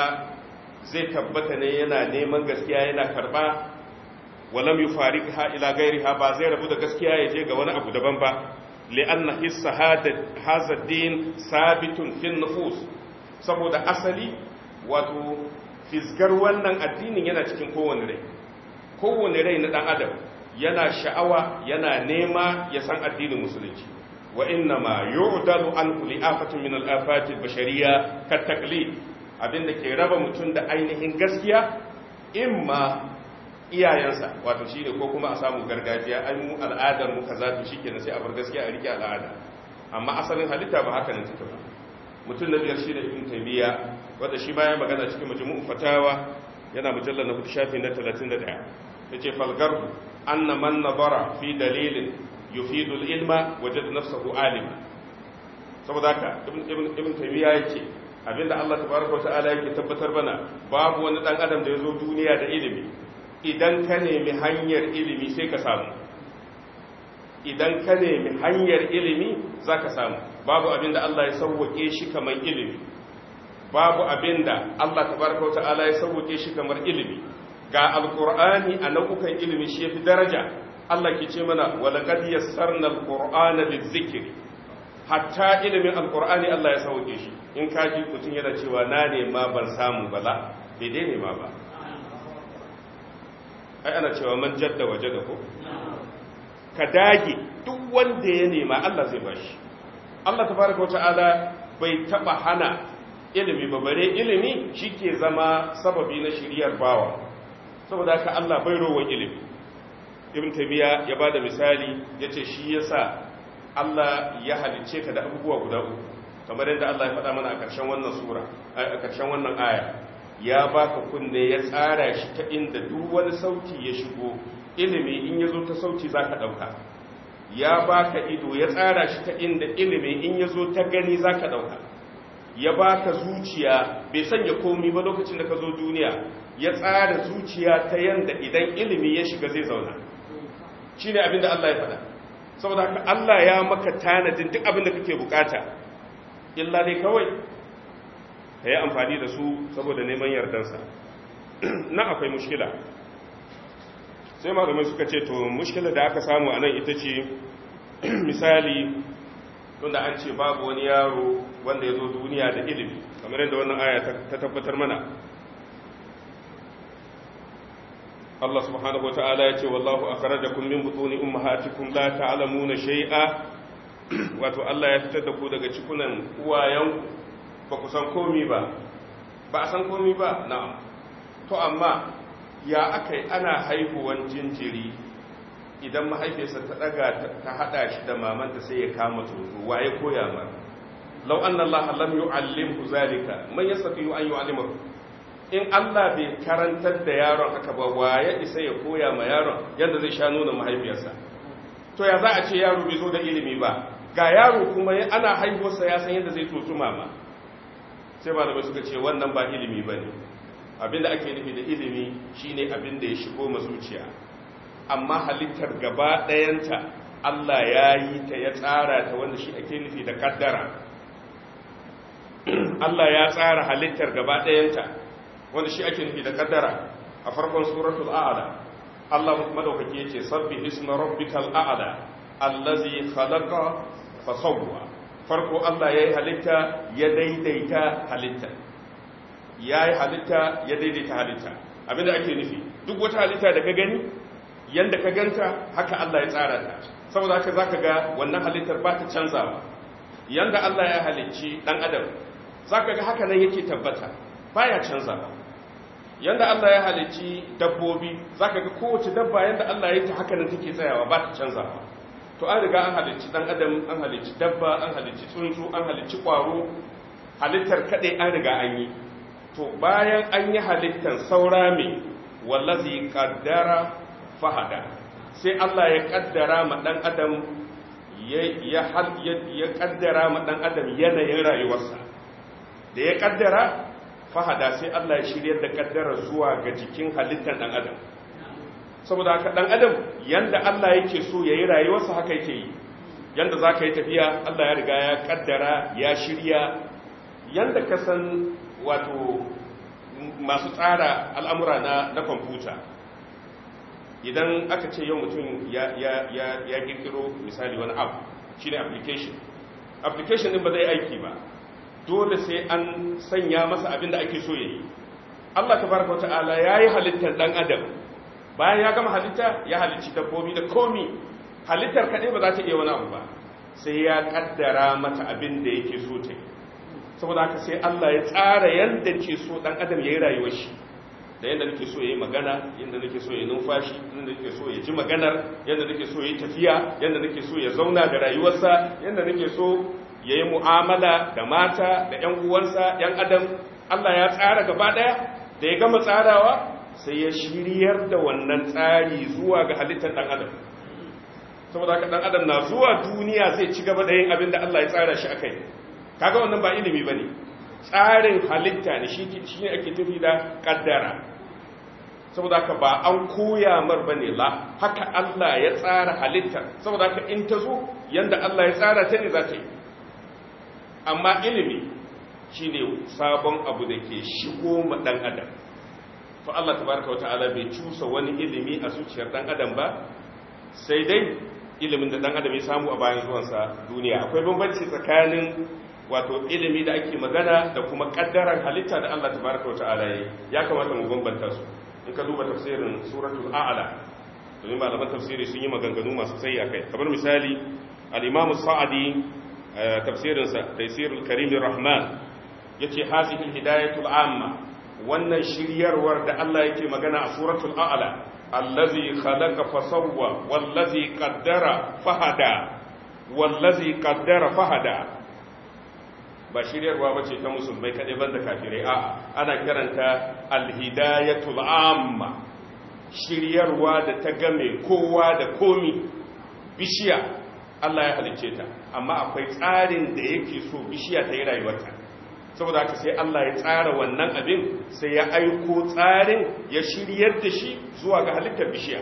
zai tabbata ne yana neman gaskiya yana karba walam yufarikha ila gairiha ba zai rabu da gaskiya ya je ga wani abu daban ba li'anna hissa hadha din sabitun fil nufus saboda asali wato fisgar wannan addinin yana cikin kowane rai kowane rai na dan adam yana sha'awa yana nema ya san addinin musulunci wa inna ma yu'dalu an kulli afatin min al-afati al-bashariyya ka taqlid abinda ke raba mutum da ainihin gaskiya imma iyayensa wato shine ko kuma a samu gargajiya ai mu al'adar mu kaza to shikenan sai a bar gaskiya a rike al'ada amma asalin halitta ba haka ne take ba mutum na biyar shi da ibn taymiya wanda shi bayan magana cikin majmu'u fatawa yana mujallal na shafi na 31 yace falgar anna man nazara fi dalilin yufidu al-ilma wajada nafsuhu alima saboda haka ibn ibn taymiya yace abinda Allah tabaraka wata'ala yake tabbatar bana babu wani dan adam da yazo duniya da ilimi idan ka nemi hanyar ilimi sai ka samu idan ka nemi hanyar ilimi za ka samu babu abin da Allah ya sauwake shi kamar ilimi babu abin da Allah ta wata ala ya sauwake shi kamar ilimi ga alkur'ani a nau'ukan ilimi shi ya fi daraja Allah ke ce mana walaqad yassarna alqur'ana lizikri hatta ilimin alkur'ani Allah ya sauke shi in ka ji mutum yana cewa na nema ban samu ba la dai ne ma ba ai ana cewa man jadda waje ko ka dage duk wanda ya nema Allah zai bashi Allah tabaraka wata'ala bai taba hana ilimi ba bare ilimi shi ke zama sababi na shiriyar bawa saboda haka Allah bai rowan ilimi ibn tabiya ya ba da misali ya ce shi yasa Allah ya halice ka da abubuwa guda uku kamar yadda Allah ya faɗa mana a ƙarshen wannan sura a ƙarshen wannan aya ya baka kunne ya tsara shi ta inda duk wani sauti ya shigo ilimi in ya zo ta sauci za ka ɗauka ya baka ido ya tsara shi ta inda ilimi in ya zo ta gani za ka ɗauka ya baka zuciya bai sanya komi ba lokacin da ka zo duniya ya tsara zuciya ta yanda idan ilimi ya shiga zai zauna shi ne abinda Allah ya faɗa saboda haka Allah ya maka tanadin duk abin da kake bukata illa dai kawai ka yi amfani da su saboda neman yardansa *clears throat* na akwai mushkila sai malamai suka ce to mushkila da aka samu a nan ita ce *clears throat* misali tunda an ce babu wani yaro wanda ya zo duniya da ilimi kamar yadda wannan aya ta tabbatar mana Allah subhanahu ta'ala ya ce wallahu akhrajakum min butuni ummahatikum la ta'lamuna shay'a *clears throat* wato Allah ya fitar da ku daga cikunan uwayen ba ku san komi ba ba a san komi ba na'am to amma ya aka yi ana haihuwan jinjiri idan mahaifiyarsa ta daga ta hada shi da mamanta sai ya kama tozo waye koya ma law anna allaha lam yu'allimhu zalika man yi an yu'allimahu in Allah bai karantar da yaron haka ba waye isa ya koya ma yaron yadda zai sha nuna mahaifiyarsa to ya za a ce yaro bai zo da ilimi ba ga yaro kuma ana haihuwarsa ya san yadda zai tutu mama sai malamai suka ce wannan ba ilimi ba ne abinda ake nufi da ilimi shine da ya shigo ma zuciya amma halittar gaba ɗayanta Allah ya yi ta ya tsara ta wanda shi ake nufi da kaddara *clears throat* Allah ya tsara halittar gaba ɗayanta wanda shi ake nufi da kaddara a farkon suratul a'la Allah madaukake ce sabbi isma rabbikal a'la allazi khalaqa fa sawwa farko Allah ya yi halitta ya daidaita halitta ya yi halitta ya daidaita halitta abinda ake nufi duk wata halitta da ka gani yadda ka ganta haka Allah ya tsara ta saboda haka zaka ga wannan halittar ba ta canzawa yadda Allah ya halicci dan adam zaka ga haka nan yake tabbata baya canzawa yadda Allah ya halicci dabbobi zaka ga kowace dabba yadda Allah ya ta haka nan take tsayawa ba ta canzawa to an riga an halicci dan adam an halicci dabba an halicci tsuntsu an halicci kwaro halittar kadai an riga an yi to bayan an yi halittar saura mai wallazi kaddara fahada sai Allah ya kaddara ma dan adam ya kaddara ma adam yanayin rayuwarsa da ya kaddara fahada sai Allah ya shirya da kaddara zuwa ga jikin halittar dan adam saboda haka ɗan adam yanda Allah yake so yayi rayuwarsa haka yake yi yanda zaka yi tafiya Allah ya riga ya kaddara ya shirya yanda ka san wato masu tsara al'amura na kwamfuta idan aka ce yau mutum ya kirkiro misali wani app shi ne application application din ba zai aiki ba dole sai an sanya masa abin da ake so ya yi allah ta kwata ala ya yi halittar dan adam bayan ya gama halitta ya halicci dabbobi da komi halittar kaɗai ba za ta iya wani abu ba sai ya ƙaddara mata abin da yake so ta yi saboda haka sai Allah ya tsara yadda ke so dan adam ya yi rayuwar shi da yadda nake so ya yi magana yadda nake so ya numfashi yadda nake so ya ji maganar yadda nake so ya yi tafiya yadda nake so ya zauna da rayuwarsa yadda nake so ya yi mu'amala da mata da 'yan uwansa 'yan adam Allah ya tsara gaba ɗaya da ya gama tsarawa sai ya shiryar da wannan tsari zuwa ga halittar ɗan adam saboda haka ɗan adam na zuwa duniya zai ci gaba da yin abin da Allah ya tsara shi akai kaga wannan ba ilimi bane tsarin halitta ne shi ne ake tafi da kaddara saboda haka ba an koya mar bane la haka Allah ya tsara halitta saboda haka in ta zo yanda Allah ya tsara ta ne za ta yi amma ilimi shine sabon abu da ke shigo ma dan adam to Allah tabaraka wa bai cusa wani ilimi a zuciyar dan adam ba sai dai ilimin da dan adam ya samu a bayan zuwansa duniya akwai bambanci tsakanin wato ilimi da ake magana da kuma ƙaddarar halitta da Allah tabaraka wa ta'ala yi ya kamata mu bambanta su in ka duba tafsirin suratul a'la domin malaman tafsiri sun yi maganganu masu tsayi akai kamar misali al-imam sa'adi eh, tafsirin sa tafsirul karim rahman yace hasihil hidayatul amma wannan shiryarwar da Allah yake magana a suratul a'la allazi khalaqa fasawwa wallazi qaddara fahada wallazi qaddara fahada ba shiryarwa ce ta musulmai kadai banda kafirai a ana karanta alhidayatul amma shiryarwa da ta game kowa da komi bishiya Allah ya halicce ta amma akwai tsarin da yake so bishiya ta yi rayuwarta saboda haka sai Allah ya tsara wannan abin sai ya aiko tsarin ya shiryar da shi zuwa ga halittar bishiya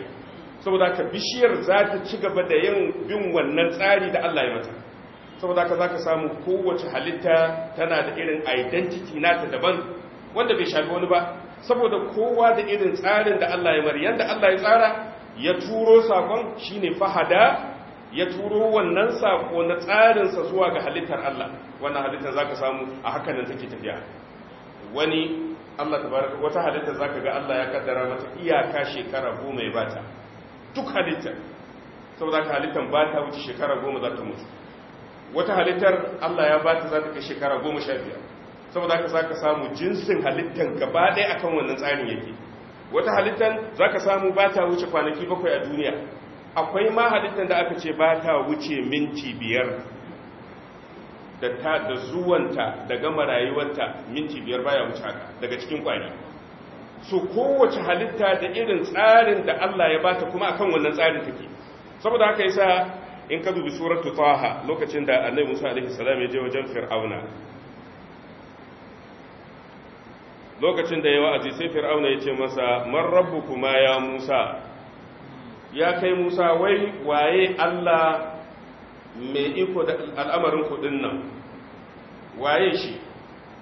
saboda haka bishiyar za ta ci gaba da yin bin wannan tsari da Allah ya mata saboda za zaka samu kowace halitta tana da irin identity nata daban wanda bai shafi wani ba saboda kowa da irin tsarin da Allah ya bari yanda Allah ya tsara ya turo sakon shine fahada ya turo wannan sako na tsarinsa zuwa ga halittar Allah wannan halittar zaka samu a hakan nan take tafiya wani Allah tabaraka wata halitta zaka ga Allah ya kaddara mata iyaka shekara goma ya bata duk halittar saboda halittar ba ta wuce shekara goma za ta mutu wata halittar Allah ya ba ta za ta kai shekara goma sha biyar saboda haka za ka samu jinsin halittar gaba ɗaya akan wannan tsarin yake wata halittar za ka samu ba ta wuce kwanaki bakwai a duniya akwai ma halittar da aka ce ba ta wuce minti biyar da ta da zuwanta da gama rayuwarta minti biyar baya wuce haka daga cikin kwani Su kowace halitta da irin tsarin da Allah ya bata kuma akan wannan tsarin take saboda haka yasa in ka dubi suratu taha lokacin da annabi musa alaihi salam ya je wajen fir'auna lokacin da ya wa'azi sai fir'auna ya ce masa man rabbukuma ya musa ya kai musa wai waye allah mai iko da al'amarin kudin nan waye shi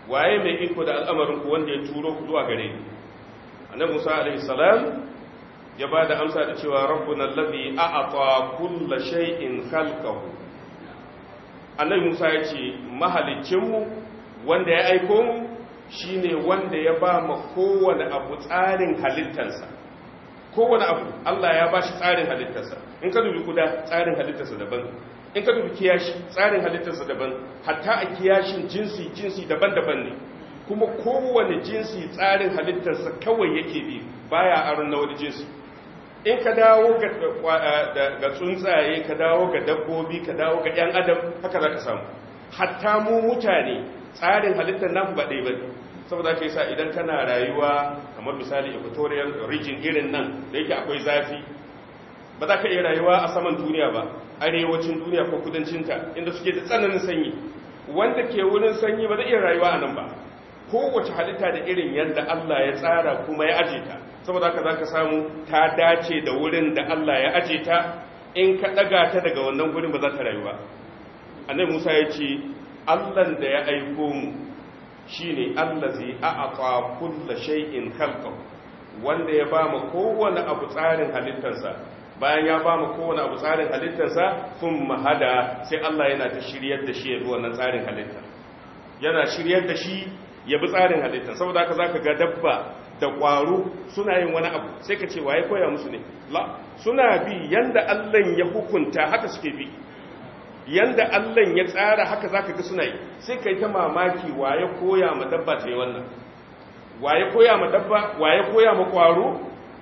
waye mai iko da al'amarin ku wanda ya turo ku zuwa gare ni annabi musa alaihi salam ya ba da amsa da cewa rabbuna allazi a'ata kulla shay'in khalqahu annabi Musa ya ce mahalicinmu wanda ya aiko mu shine wanda ya ba mu kowane abu tsarin halittarsa kowane abu Allah ya ba shi tsarin halittarsa in ka dubi kuda tsarin halittarsa daban in ka dubi kiyashi tsarin halittarsa daban hatta a kiyashin jinsi jinsi daban-daban ne kuma kowane jinsi tsarin halittarsa kawai yake bi baya aron na wani jinsi in ka dawo ga tsuntsaye ka dawo ga dabbobi ka dawo ga yan adam haka za ka samu hatta mu mutane tsarin halittar nan ba ɗai ba saboda ka sa idan kana rayuwa kamar misali equatorial region irin nan da yake akwai zafi ba za ka iya rayuwa a saman duniya ba arewacin duniya ko kudancinta inda suke da tsananin sanyi wanda ke wurin sanyi ba zai iya rayuwa a nan ba kowace halitta da irin yadda Allah ya tsara kuma ya aje ta saboda haka za ka samu ta dace da wurin da Allah ya aje ta in ka ɗaga ta daga wannan wurin ba za ta rayu ba annabi musa ya ce allan da ya aiko mu shine allazi a'ata kulla shay'in khalqa wanda ya ba mu kowane abu tsarin halittarsa bayan ya ba mu kowane abu tsarin halittarsa sun hada sai Allah yana ta shiryar da shi ya bi wannan tsarin halitta. yana shiryar da shi ya bi tsarin halittar saboda haka zaka ga dabba da ƙwaro suna yin wani abu sai ka ce waye koya musu ne la suna bi yanda Allah ya hukunta haka suke bi yanda Allah ya tsara haka zaka ga suna yi sai kai ta mamaki waye koya ma dabba ta yi wannan waye koya ma dabba waye koya ma ƙwaro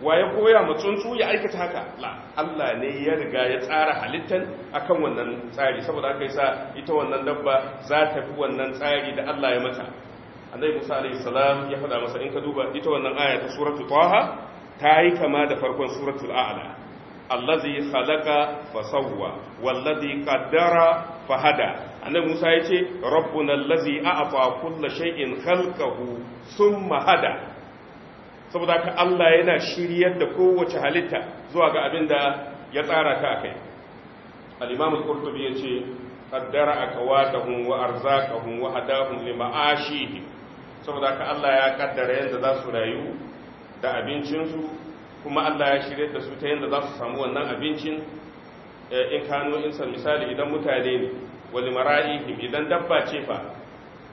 waye koya ma tsuntsu ya aikata haka la Allah ne ya riga ya tsara halittan akan wannan tsari saboda haka yasa ita wannan dabba za ta bi wannan tsari da Allah ya mata annabi Musa alaihi salam ya faɗa masa in ka duba ita wannan aya ta suratul Taha ta yi kama da farkon suratul A'la allazi khalaqa fa sawwa wallazi qaddara fa hada annabi Musa yace rabbuna allazi a'ta kulla shay'in khalqahu thumma hada saboda ka Allah yana shiryar da kowace halitta zuwa ga abin da ya tsara ta kai al-imam al-qurtubi yace qaddara aqwatahum wa arzaqahum wa hadahum li saboda ka Allah ya kaddara yadda za su rayu da abincinsu kuma Allah ya shirya da su ta yadda za su samu wannan abincin eh, in kano in san misali idan mutane ne wani mara'ihim idan dabba ce fa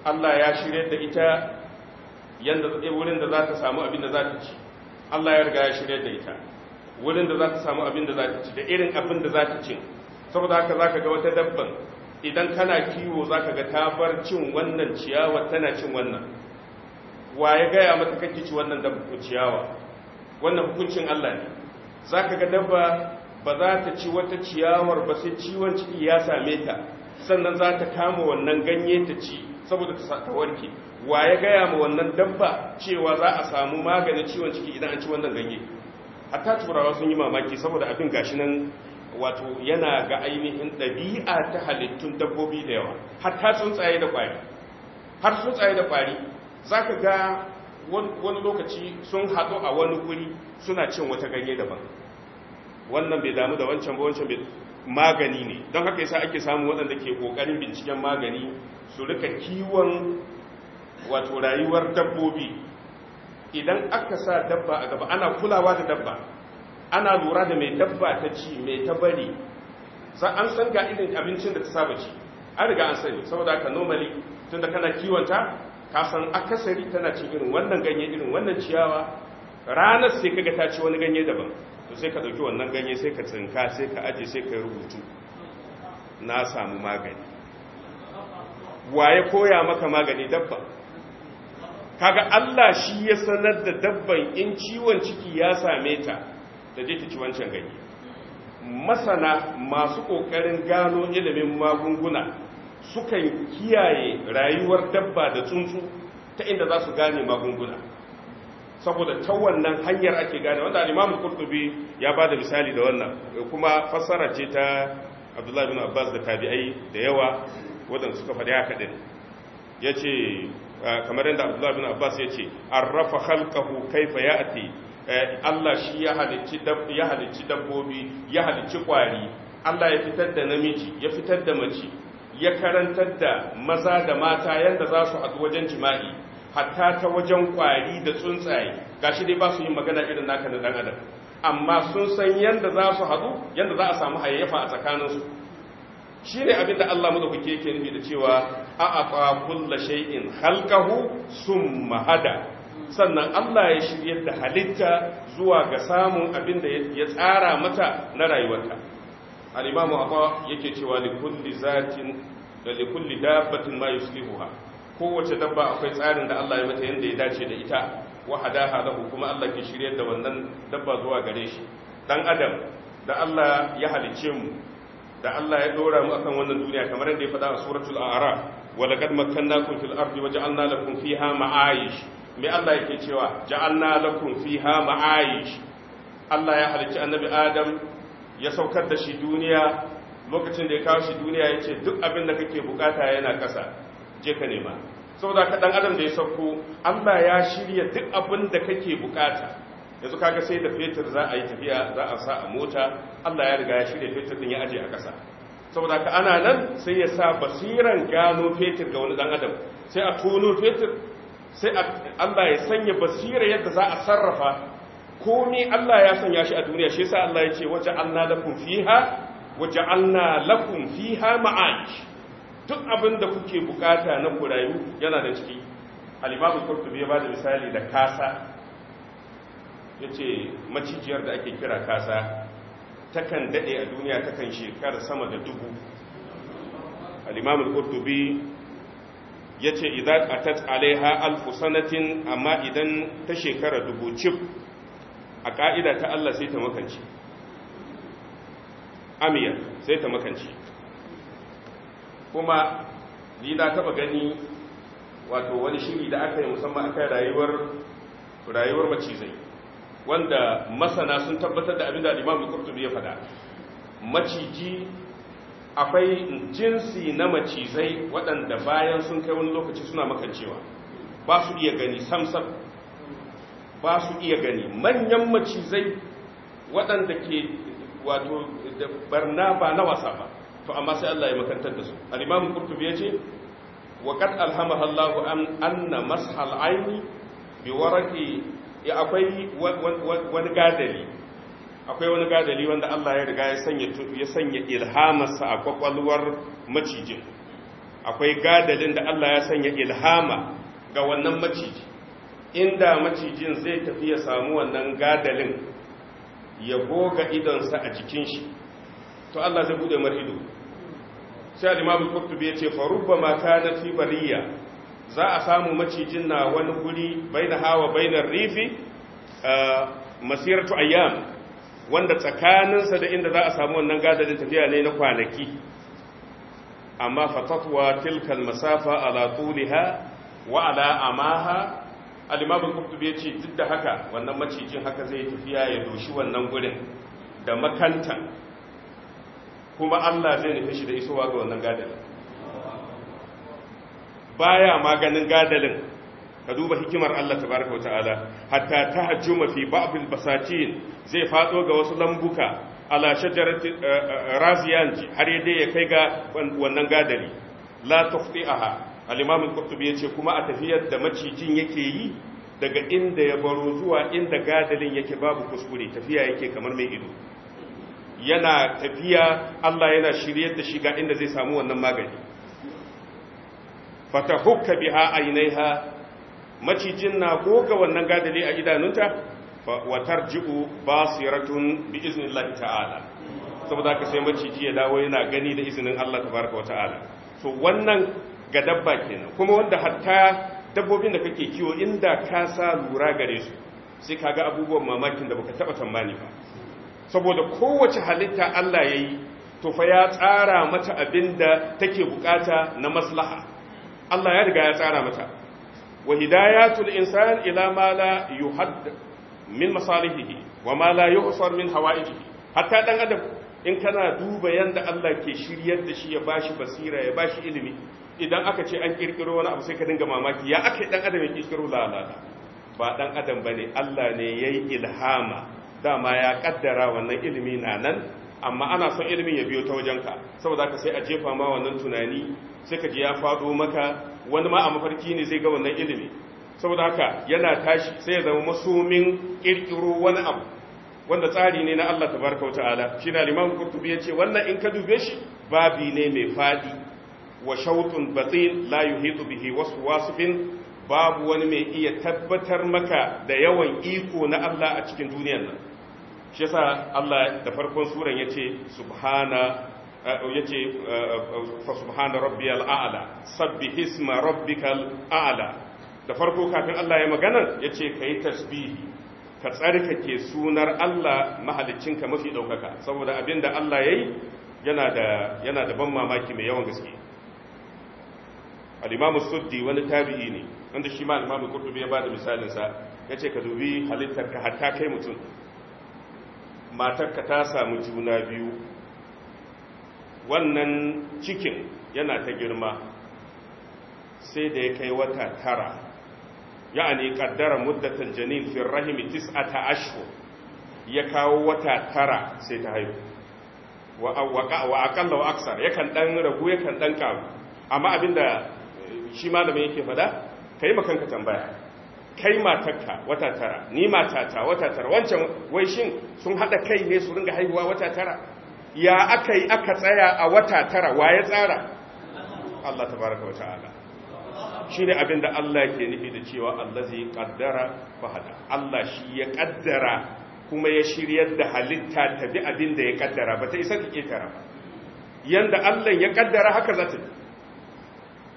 Allah ya shirya da ita yadda eh, wurin da za ta samu abin da za ta ci Allah ya riga ya shirya da ita wurin da za ta samu abin da za ta ci da irin abin da za ta ci saboda haka za ka ga wata dabban idan kana kiwo za ka ga ta bar cin wannan ciyawa tana cin wannan wa ya gaya maka kake ci wannan dabba ko wannan hukuncin Allah ne zaka ga dabba ba za ta ci wata ciyawar ba sai ciwon ciki ya same ta sannan za ta kama wannan ganye ta ci saboda ta warke wa ya gaya ma wannan dabba cewa za a samu maganin ciwon ciki idan an ci wannan ganye hatta turawa sun yi mamaki saboda abin gashi nan wato yana ga ainihin ɗabi'a ta halittun dabbobi da yawa hatta tsuntsaye da kwari har tsuntsaye da kwari za ka ga wani lokaci sun haɗu a wani guri suna cin wata ganye daban wannan bai damu da wancan wancan magani ne don haka yasa ake samu waɗanda ke ƙoƙarin binciken magani su rika kiwon wato rayuwar dabbobi idan aka sa dabba a gaba ana kulawa da dabba ana lura da mai dabba ta ci mai ta bari za an san ga irin abincin da ta saba ci an riga an sani saboda haka normally tunda kana kiwonta ka san akasari tana cin irin wannan ganye irin wannan ciyawa ranar sai kaga ta ci wani ganye daban to sai ka dauki wannan ganye sai ka tsinka sai ka aje sai ka rubutu na samu magani waye koya maka magani dabba kaga Allah shi ya sanar da dabban in ciwon ciki ya same ta da je ta ci wancan ganye masana masu kokarin gano ilimin magunguna suka kiyaye rayuwar dabba da tsuntsu ta inda za su gane magunguna saboda ta wannan hanyar ake gane wanda alimamu kurtubi ya ba da misali da wannan kuma fassara ce ta abdullahi bin abbas da tabi'ai da yawa wadanda suka faɗi haka ɗin ya ce kamar yadda abdullahi bin abbas ya ce an rafa halkahu kaifa ya ati eh, allah shi ya halicci dabbobi ya halicci kwari allah ya fitar da namiji ya fitar da mace ya karantar da maza da mata yadda za su haɗu wajen jima'i hatta ta wajen ƙwari da tsuntsaye gashi dai ba su yin magana irin naka na dan adam amma sun san yadda za su haɗu yadda za a samu hayayyafa a tsakaninsu shi ne abin da Allah kuke yake nufi da cewa a aqa kullu shay'in khalqahu summa hada sannan Allah ya shiryar da halitta zuwa ga samun abin da ya tsara mata na rayuwarta al'imamu afa yake cewa likulli zatin likulli dabbatin ma yuslihuha kowace dabba akwai tsarin da Allah ya mata yadda ya dace da ita wa hadaha lahu kuma Allah ke shirya da wannan dabba zuwa gare shi dan adam da Allah ya halice mu da Allah ya dora mu akan wannan duniya kamar yadda ya faɗa a suratul a'raf wa laqad makkannakum fil ardi wa ja'alna lakum fiha ma'ayish me Allah yake cewa ja'alna lakum fiha ma'ayish Allah ya halicci annabi Adam ya saukar da shi duniya lokacin da ya kawo shi duniya ya ce duk abin da kake bukata yana kasa je ka nema saboda ka dan adam da ya sauko Allah ya shirya duk abin da kake bukata yanzu kaga sai da fetur za a yi tafiya za a sa a mota Allah ya riga ya shirya fetur din ya aje a ƙasa saboda ka ana nan sai ya sa basiran gano fetur ga wani dan adam sai a tono fetur sai Allah ya sanya basira yadda za a sarrafa ni Allah ya sanya shi a duniya shi yasa Allah ya ce waje anna lakum fiha waje anna lakum fiha ma'aj duk abin da kuke bukata na kurayu yana da ciki al-imamu qurtubi ya bada misali da kasa yace macijiyar da ake kira kasa takan dade a duniya takan shekara sama da dubu al-imamu qurtubi yace idan atat alaiha alfu sanatin amma idan ta shekara dubu cif a ƙa'ida ta Allah sai ta makanci amiya sai ta makanci kuma ni na taɓa gani wato wani shiri da aka yi musamman akan rayuwar rayuwar macizai wanda masana sun tabbatar da abinda Limamin Qurtubi ya faɗa maciji akwai jinsi na macizai waɗanda bayan sun kai wani lokaci suna makancewa ba su iya gani samsam ba su iya gani manyan macizai waɗanda ke wato da barna ba na wasa ba to amma sai Allah ya makantar da su al-imamu qurtubi yace wa qad alhamaha Allahu an anna mashal aini bi waraqi ya akwai wani gadali akwai wani gadali wanda Allah ya riga ya sanya ya sanya ilhamarsa a kwakwalwar macijin akwai gadalin da Allah ya sanya ilhama ga wannan maciji inda macijin zai tafi ya samu wannan gadalin ya goga idonsa a jikin shi to Allah zai bude mar ido sai al-imamu qurtubi yace fa mata na fi bariya za a samu macijin na wani guri baina hawa bainar rifi masiratu ayyam wanda tsakaninsa da inda za a samu wannan gadalin tafiya ne na kwanaki amma fatatwa tilkal masafa ala tuliha wa ala amaha alimabin kurtubi ya ce duk da haka wannan macijin haka zai tafiya ya doshi wannan gurin da makantan kuma allah zai nufi shi da isowa ga wannan gadalin baya maganin gadalin ka duba hikimar allah baraka wata'ala hatta ta hajji mafi ba'afin basatin zai fado ga wasu lambuka ala shajarar eh, eh, raziyanci har yadda ya kai ga wannan gadali la tufti'aha Alimamin kurtubi ya ce kuma a tafiyar da macijin yake yi daga inda ya baro zuwa inda gadalin yake babu kuskure tafiya yake kamar mai ido yana tafiya Allah yana shiryar da shiga inda zai samu wannan magani hukka biha ainaiha macijin na goga wannan gadali a idanunta wa tarji'u basiratun bi iznillahi ta'ala saboda ka sai maciji ya dawo yana gani da izinin Allah tabaraka wa ta'ala so wannan ga dabba kenan kuma wanda hatta dabbobin da kake kiwo inda ka sa lura gare su sai kaga abubuwan mamakin da baka taba tambani ba saboda kowace halitta Allah yayi to fa ya tsara mata abinda take bukata na maslaha Allah ya riga ya tsara mata wa hidayatul insan ila ma la yuhadd min masalihihi wa ma la yuhsar min hawaijihi hatta dan adam in kana duba yanda Allah ke shiryar da shi ya bashi basira ya bashi ilimi idan aka ce an kirkiro wani abu sai ka dinga mamaki ya aka yi dan adam ya kirkiro lalata ba dan adam ba ne Allah ne ya yi ilhama dama ya kaddara wannan ilimi na nan amma ana son ilimin ya biyo ta wajenka saboda ka sai a jefa ma wannan tunani sai ka ji ya fado maka wani ma a mafarki ne zai ga wannan ilimi saboda haka yana tashi sai ya zama masumin kirkiro wani abu wanda tsari ne na Allah tabaraka wa ta'ala shi na liman kurtubi ya ce wannan in ka dube shi babi ne mai fadi wa shautun لا la به bihi wasu باب babu wani mai iya tabbatar maka da yawan iko na Allah a cikin duniyar nan shi yasa Allah da farkon suran yace subhana uh, yace uh, uh, fa subhana rabbiyal a'la sabbih isma rabbikal a'la da farko kafin Allah ya magana yace kai tasbihi ka tsarkake sunar Allah mahaliccinka mafi daukaka saboda abinda Allah yayi yana yana da ban mamaki mai yawan gaske al-imamu suddi wani tabi'i ne wanda shi ma al-imamu qurtubi ya bada misalin sa yace ka dubi halittar ka hatta kai mutum matar ka ta samu juna biyu wannan cikin yana ta girma sai da ya kai wata tara ya'ani qaddara muddatan janin fi rahimi tis'ata ashhur ya kawo wata tara sai ta haihu wa aqalla wa aksar yakan dan ragu yakan dan karu amma abinda shi mai yake faɗa kai makanka tambaya kai matarka wata tara ni matata wata tara wancan wai shin sun haɗa kai ne su ringa haihuwa wata tara ya aka yi aka tsaya a wata tara wa ya tsara Allah tabaraka wata'ala shi ne abin da Allah ke nufi da cewa Allah zai kaddara fahada Allah shi ya kaddara kuma ya shiryar da halitta ta bi abin da ya kaddara ba ta isa ta tara ba yanda Allah ya kaddara haka za ta bi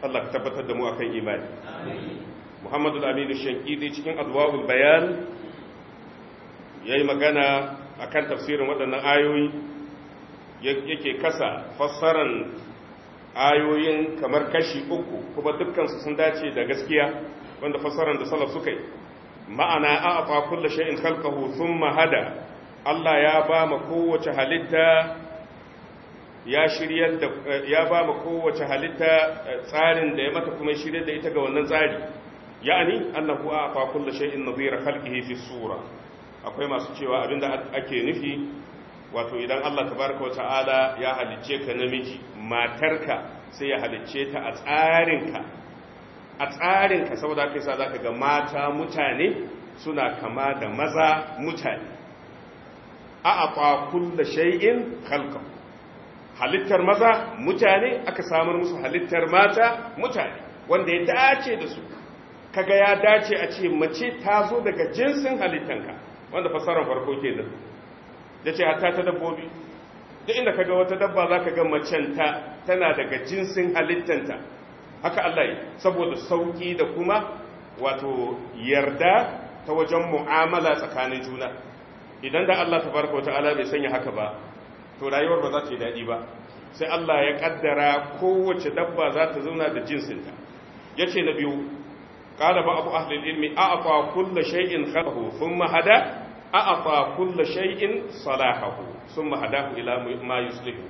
Allah ka tabbatar da mu akan imani Muhammadu Aminu Shankidi cikin Adwa'ul Bayan yayi magana akan tafsirin waɗannan ayoyi yake kasa fassaran ayoyin kamar kashi uku kuma dukkansu sun dace da gaskiya wanda fassarar da salaf suka yi ma'ana a afa kulla shay'in khalqahu thumma hada Allah ya ba ma kowace halitta ya shiryar da ya ba mu kowace halitta eh, tsarin da ya mata kuma shiryar da ita ga wannan tsari ya'ani annahu a'ta kullu shay'in nadhir khalqihi fi sura akwai masu cewa abinda ake nufi wato idan Allah tabaraka wa ta'ala ya halicce ka namiji matarka sai ya halicce ta a tsarinka a tsarinka saboda kai sa zaka ga mata mutane suna kama da maza mutane a aqa kullu shay'in khalqahu halittar maza mutane aka samar musu halittar mata mutane wanda ya dace da su kaga ya dace a ce mace ta zo daga jinsin halittanka wanda fasarar farko ke da da ce hata ta dabbobi duk inda kaga wata dabba za ka ga macenta tana daga jinsin halittanta haka Allah yi saboda sauki da kuma wato yarda ta wajen mu'amala tsakanin juna idan da Allah Ta tabaraka wata'ala bai sanya haka ba to rayuwar ba za ta yi daɗi ba sai Allah ya kaddara kowace dabba za ta zauna da jinsinta ya ce na biyu ƙara ba abu ahlil ilmi a afa kulla shay'in khalahu thumma hada a afa kulla shay'in salahahu thumma Ku ila ma yuslihu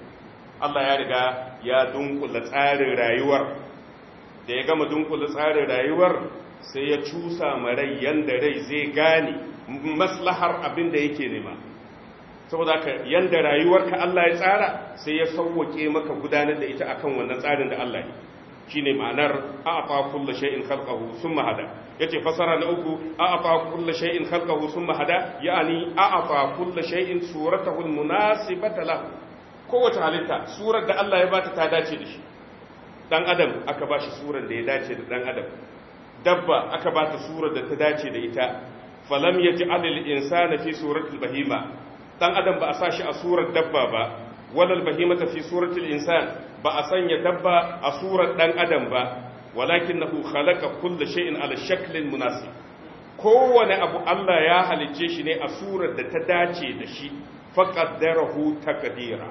Allah ya riga ya dunkula tsarin rayuwar da ya gama dunkula tsarin rayuwar sai ya cusa marai da rai zai gane maslahar abin da yake nema saboda ka yanda rayuwarka Allah ya tsara sai ya sauwake maka gudanar da ita akan wannan tsarin da Allah ya shine ma'anar a'ata kullu shay'in khalqahu thumma hada yace fasara na uku a'ata kullu shay'in khalqahu thumma hada yani a'ata kullu shay'in suratahu almunasibata la kowace halitta surar da Allah ya bata ta dace da shi dan adam aka bashi surar da ya dace da dan adam dabba aka bata surar da ta dace da ita falam yaj'al al-insana fi suratil bahima dan adam ba a sa shi a surar dabba ba walal bahimata fi suratul insan ba a sanya dabba a surar dan adam ba walakinahu khalaqa kull shay'in ala shaklin munasib kowane abu Allah ya halicce shi ne a surar da ta dace da shi faqaddarahu taqdira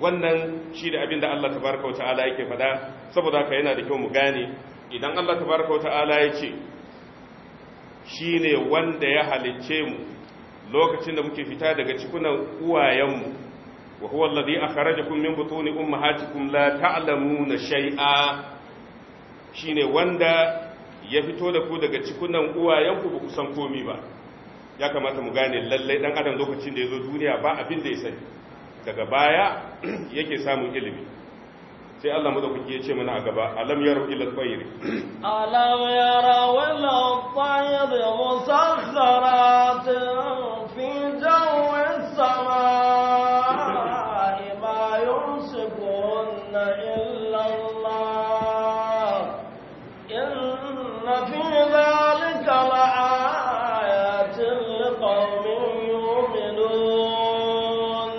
wannan shi da abinda Allah tabaraka wa ta'ala yake fada saboda haka yana da kyau mu gane idan Allah tabaraka wa ta'ala ya ce shine wanda ya halicce mu lokacin da muke fita daga cikunan uwayenmu wa huwa alladhi akhrajakum min butuni ummahatikum la ta'lamuna shay'a shine wanda ya fito da ku daga cikunan uwayenku ba ku san komi ba ya kamata mu gane lallai dan adam lokacin da ya zo duniya ba abin da ya sani daga baya *clears throat* yake samun ilimi sai Allah madaukaki ya ce mana a gaba alam yaro ila tsayiri *clears throat* alam yara wala tsayiri musassaratin fi jawin sama ma yumsikunna illa Allah inna fi dhalika la ayatin liqaumin yu'minun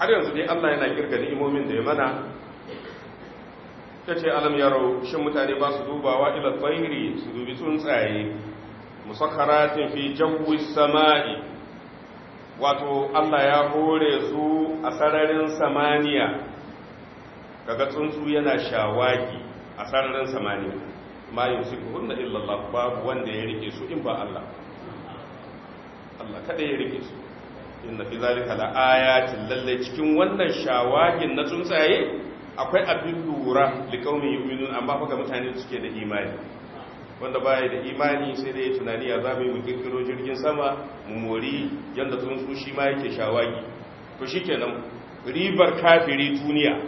har yanzu dai Allah yana kirga ni'imomin da ya mana ta ce alam yaro shin mutane ba su dubawa ila tsayiri su dubi tsuntsaye musakaratin fi jawwi samai wato Allah ya hore su a sararin samaniya kaga tsuntsu yana shawaki a sararin samaniya ma yusikuhunna illa Allah babu wanda ya rike su in ba Allah Allah kada ya rike su inna fi zalika la ayatin lalle cikin wannan shawagin na tsuntsaye akwai abin lura da kaunin yuminun amma faka mutane da suke da imani wanda baya da imani sai da ya tunani ya zama mu kirkiro jirgin sama mu mori yanda tsuntsu shi ma yake shawagi to kenan, ribar kafiri duniya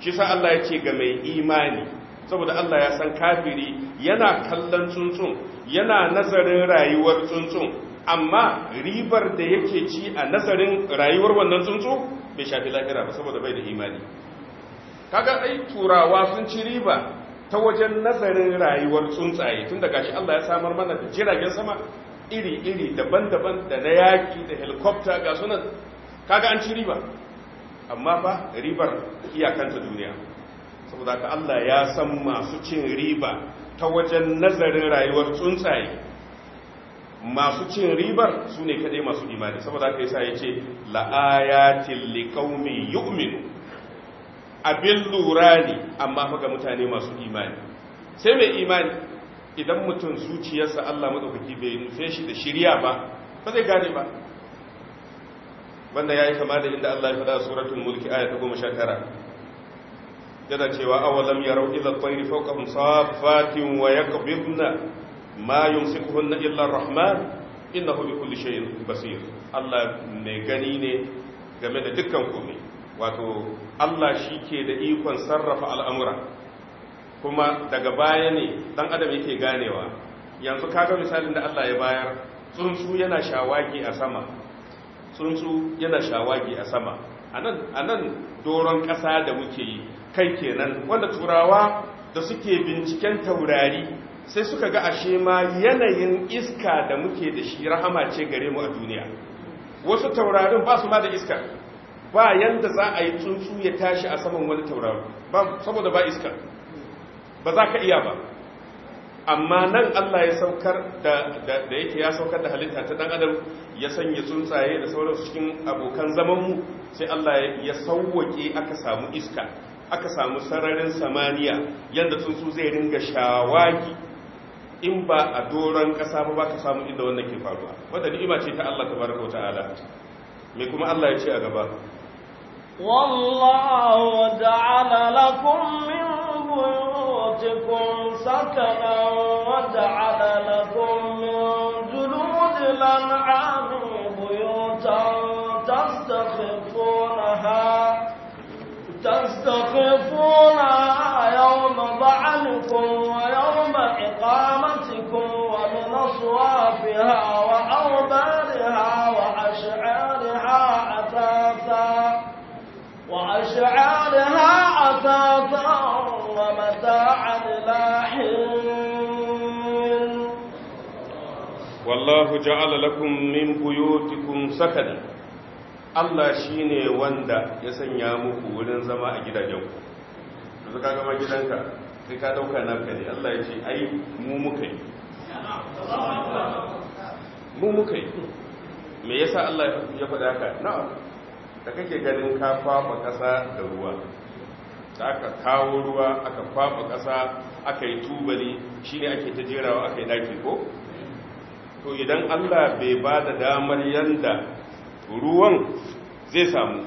shi sa Allah ya ce ga mai imani saboda Allah ya san kafiri yana kallon tsuntsun yana nazarin rayuwar tsuntsun amma ribar da yake ci a nazarin rayuwar wannan tsuntsu bai shafi lahira ba saboda bai da imani kaga ai turawa sun ci riba ta wajen nazarin rayuwar tsuntsaye tun gashi gashi Allah ya samar mana da jiragen sama iri-iri daban-daban da na yaki da helikofta, ga sunan kaga an ci riba amma fa ribar iyakanta duniya saboda ka Allah ya san masu cin riba ta wajen nazarin rayuwar tsuntsaye masu cin ribar su ne kaɗai masu imani saboda ka yasa ya ce la'ayatin liqaumi yu'minu abin lura ne amma ga mutane masu imani sai mai imani idan mutum zuciyarsa Allah maɗaukaki bai nufe shi da shirya ba ba zai gane ba wanda ya yi kama da inda Allah ya faɗa suratun mulki aya ta goma sha tara yana cewa awalam ya rau ila tsairi fauka musafatin wa ya kabirna ma na illa rahman innahu bi kulli shay'in basir Allah mai gani ne game da dukkan komai wato Allah shi ke da ikon sarrafa al'amura kuma daga baya ne ɗan adam yake ganewa yanzu kaga misalin da Allah ya bayar tsuntsu yana shawagi a sama tsuntsu yana shawagi a sama a nan doron ƙasa da muke yi kai kenan wanda turawa da suke binciken taurari sai suka ga ashe ma yanayin iska da muke da shi rahama ce gare mu a duniya wasu taurarin ba su ma da iskar ba yanda za a yi tsuntsu ya tashi a saman wani tauraro saboda ba iska ba za ka iya ba amma nan Allah ya saukar da yake ya saukar da halitta ta dan adam ya sanya tsuntsaye da sauransu cikin abokan zamanmu sai Allah ya sauwake aka samu iska aka samu sararin samaniya yadda tsuntsu zai ringa shawagi in ba a doron ƙasa ba ba ka samu inda wannan ke faruwa wadda ni'ima ce ta Allah tabaraka wa ta'ala me kuma Allah ya ce a gaba والله جعل لكم من بيوتكم سكنا وجعل لكم من جلود الأنعام بيوتا تستخفونها تستخفونها يوم بعلكم ويوم إقامتكم ومن أصوافها أثاثا ومتاعا إلى والله جعل لكم من بيوتكم سكنا Allah shi ne wanda ya sanya muku wurin zama a gidajenku, da suka gama gidanka, sai ka ɗauka na kai, Allah ya ce, ai, mu muka yi. Mu muka yi. Me yasa Allah ya faɗa haka? Na'am, da kake ganin ka fafa ƙasa da ruwa, da aka kawo ruwa aka kwafa ƙasa aka yi tubali shi ne ake ta jerawa aka yi ɗaki ko to idan allah bai ba da damar yadda ruwan zai samu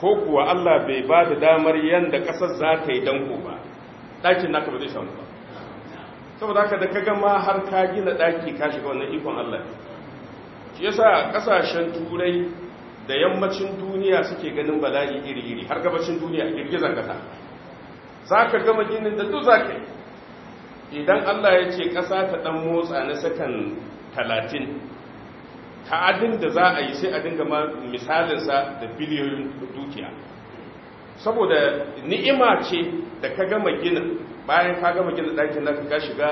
ko kuwa allah bai ba da damar yadda ƙasar za ta yi danko ba ɗakin naka ba zai samu ba saboda haka da ka gama har ka gina ɗaki ka shiga wannan ikon allah shi yasa ƙasashen turai da yammacin duniya suke ganin bala'i iri-iri har gabacin duniya girgizar kasa za ka gama ginin da duk za ka idan allah ya ce kasa ta dan motsa na sakan talatin adin da za a yi sai a dinga ma misalinsa da biliyoyin dukiya saboda ni'ima ce da ka gama ginin bayan ka gama ginin ɗakin nan ka shiga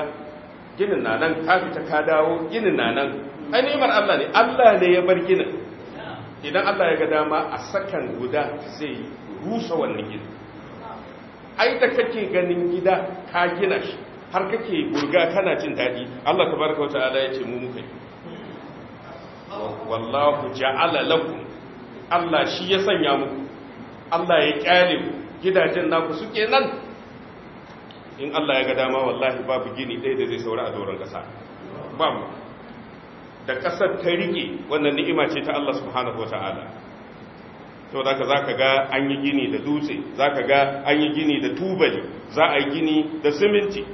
ginin na nan ka fita ka dawo ginin na nan ai allah ne allah ne ya bar ginin idan Allah ya ga dama a sakan guda zai rusa wannan gida ai da kake ganin gida ka gina shi har kake burga kana jin daɗi Allah tabaraka wa ta'ala ya ce mu muka yi wallahu ja'ala lakum Allah shi ya sanya muku Allah ya kyale ku gidajen naku suke nan in Allah ya ga dama wallahi babu gini ɗaya da zai saura a doron ƙasa babu da ƙasar ta riƙe wannan ni'ima ce ta Allah subhanahu wata'ala to da za ka ga an yi gini da dutse za ka ga an yi gini da tubali za a yi gini da siminti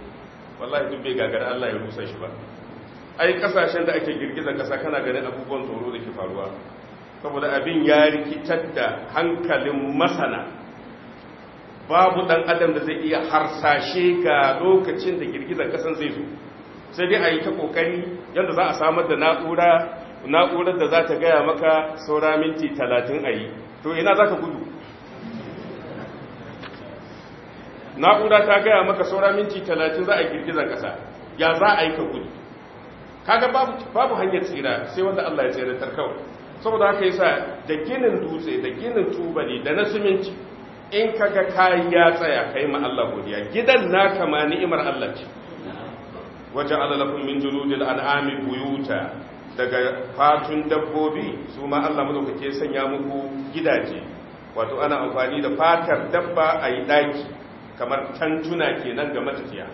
wallahi duk bai gagara Allah ya rusa shi ba ai kasashen da ake girgiza kasa kana ganin abubuwan tsoro da ke faruwa saboda abin ya rikitar da hankalin masana babu dan adam da zai iya harsashe ga lokacin da girgizar kasan zai zo sai dai a yi ta ƙoƙari yadda za a samar da na'ura na'urar da za ta gaya maka saura minti talatin a yi to ina za ka gudu na'ura ta gaya maka saura minti talatin za a girgizar ƙasa ya za a yi ka gudu kaga babu hanyar tsira sai wanda Allah ya tsiratar kawai saboda haka yasa da ginin dutse da ginin tubali da na siminti in kaga kayi ya tsaya kai ma Allah godiya gidan naka ma ni'imar Allah ce Wajen lakum min juludil an'ami buyuta daga fatun dabbobi su ma Allah madaukake sanya muku gidaje wato ana amfani da fatar dabba a yi daki kamar tantuna kenan ga matafiya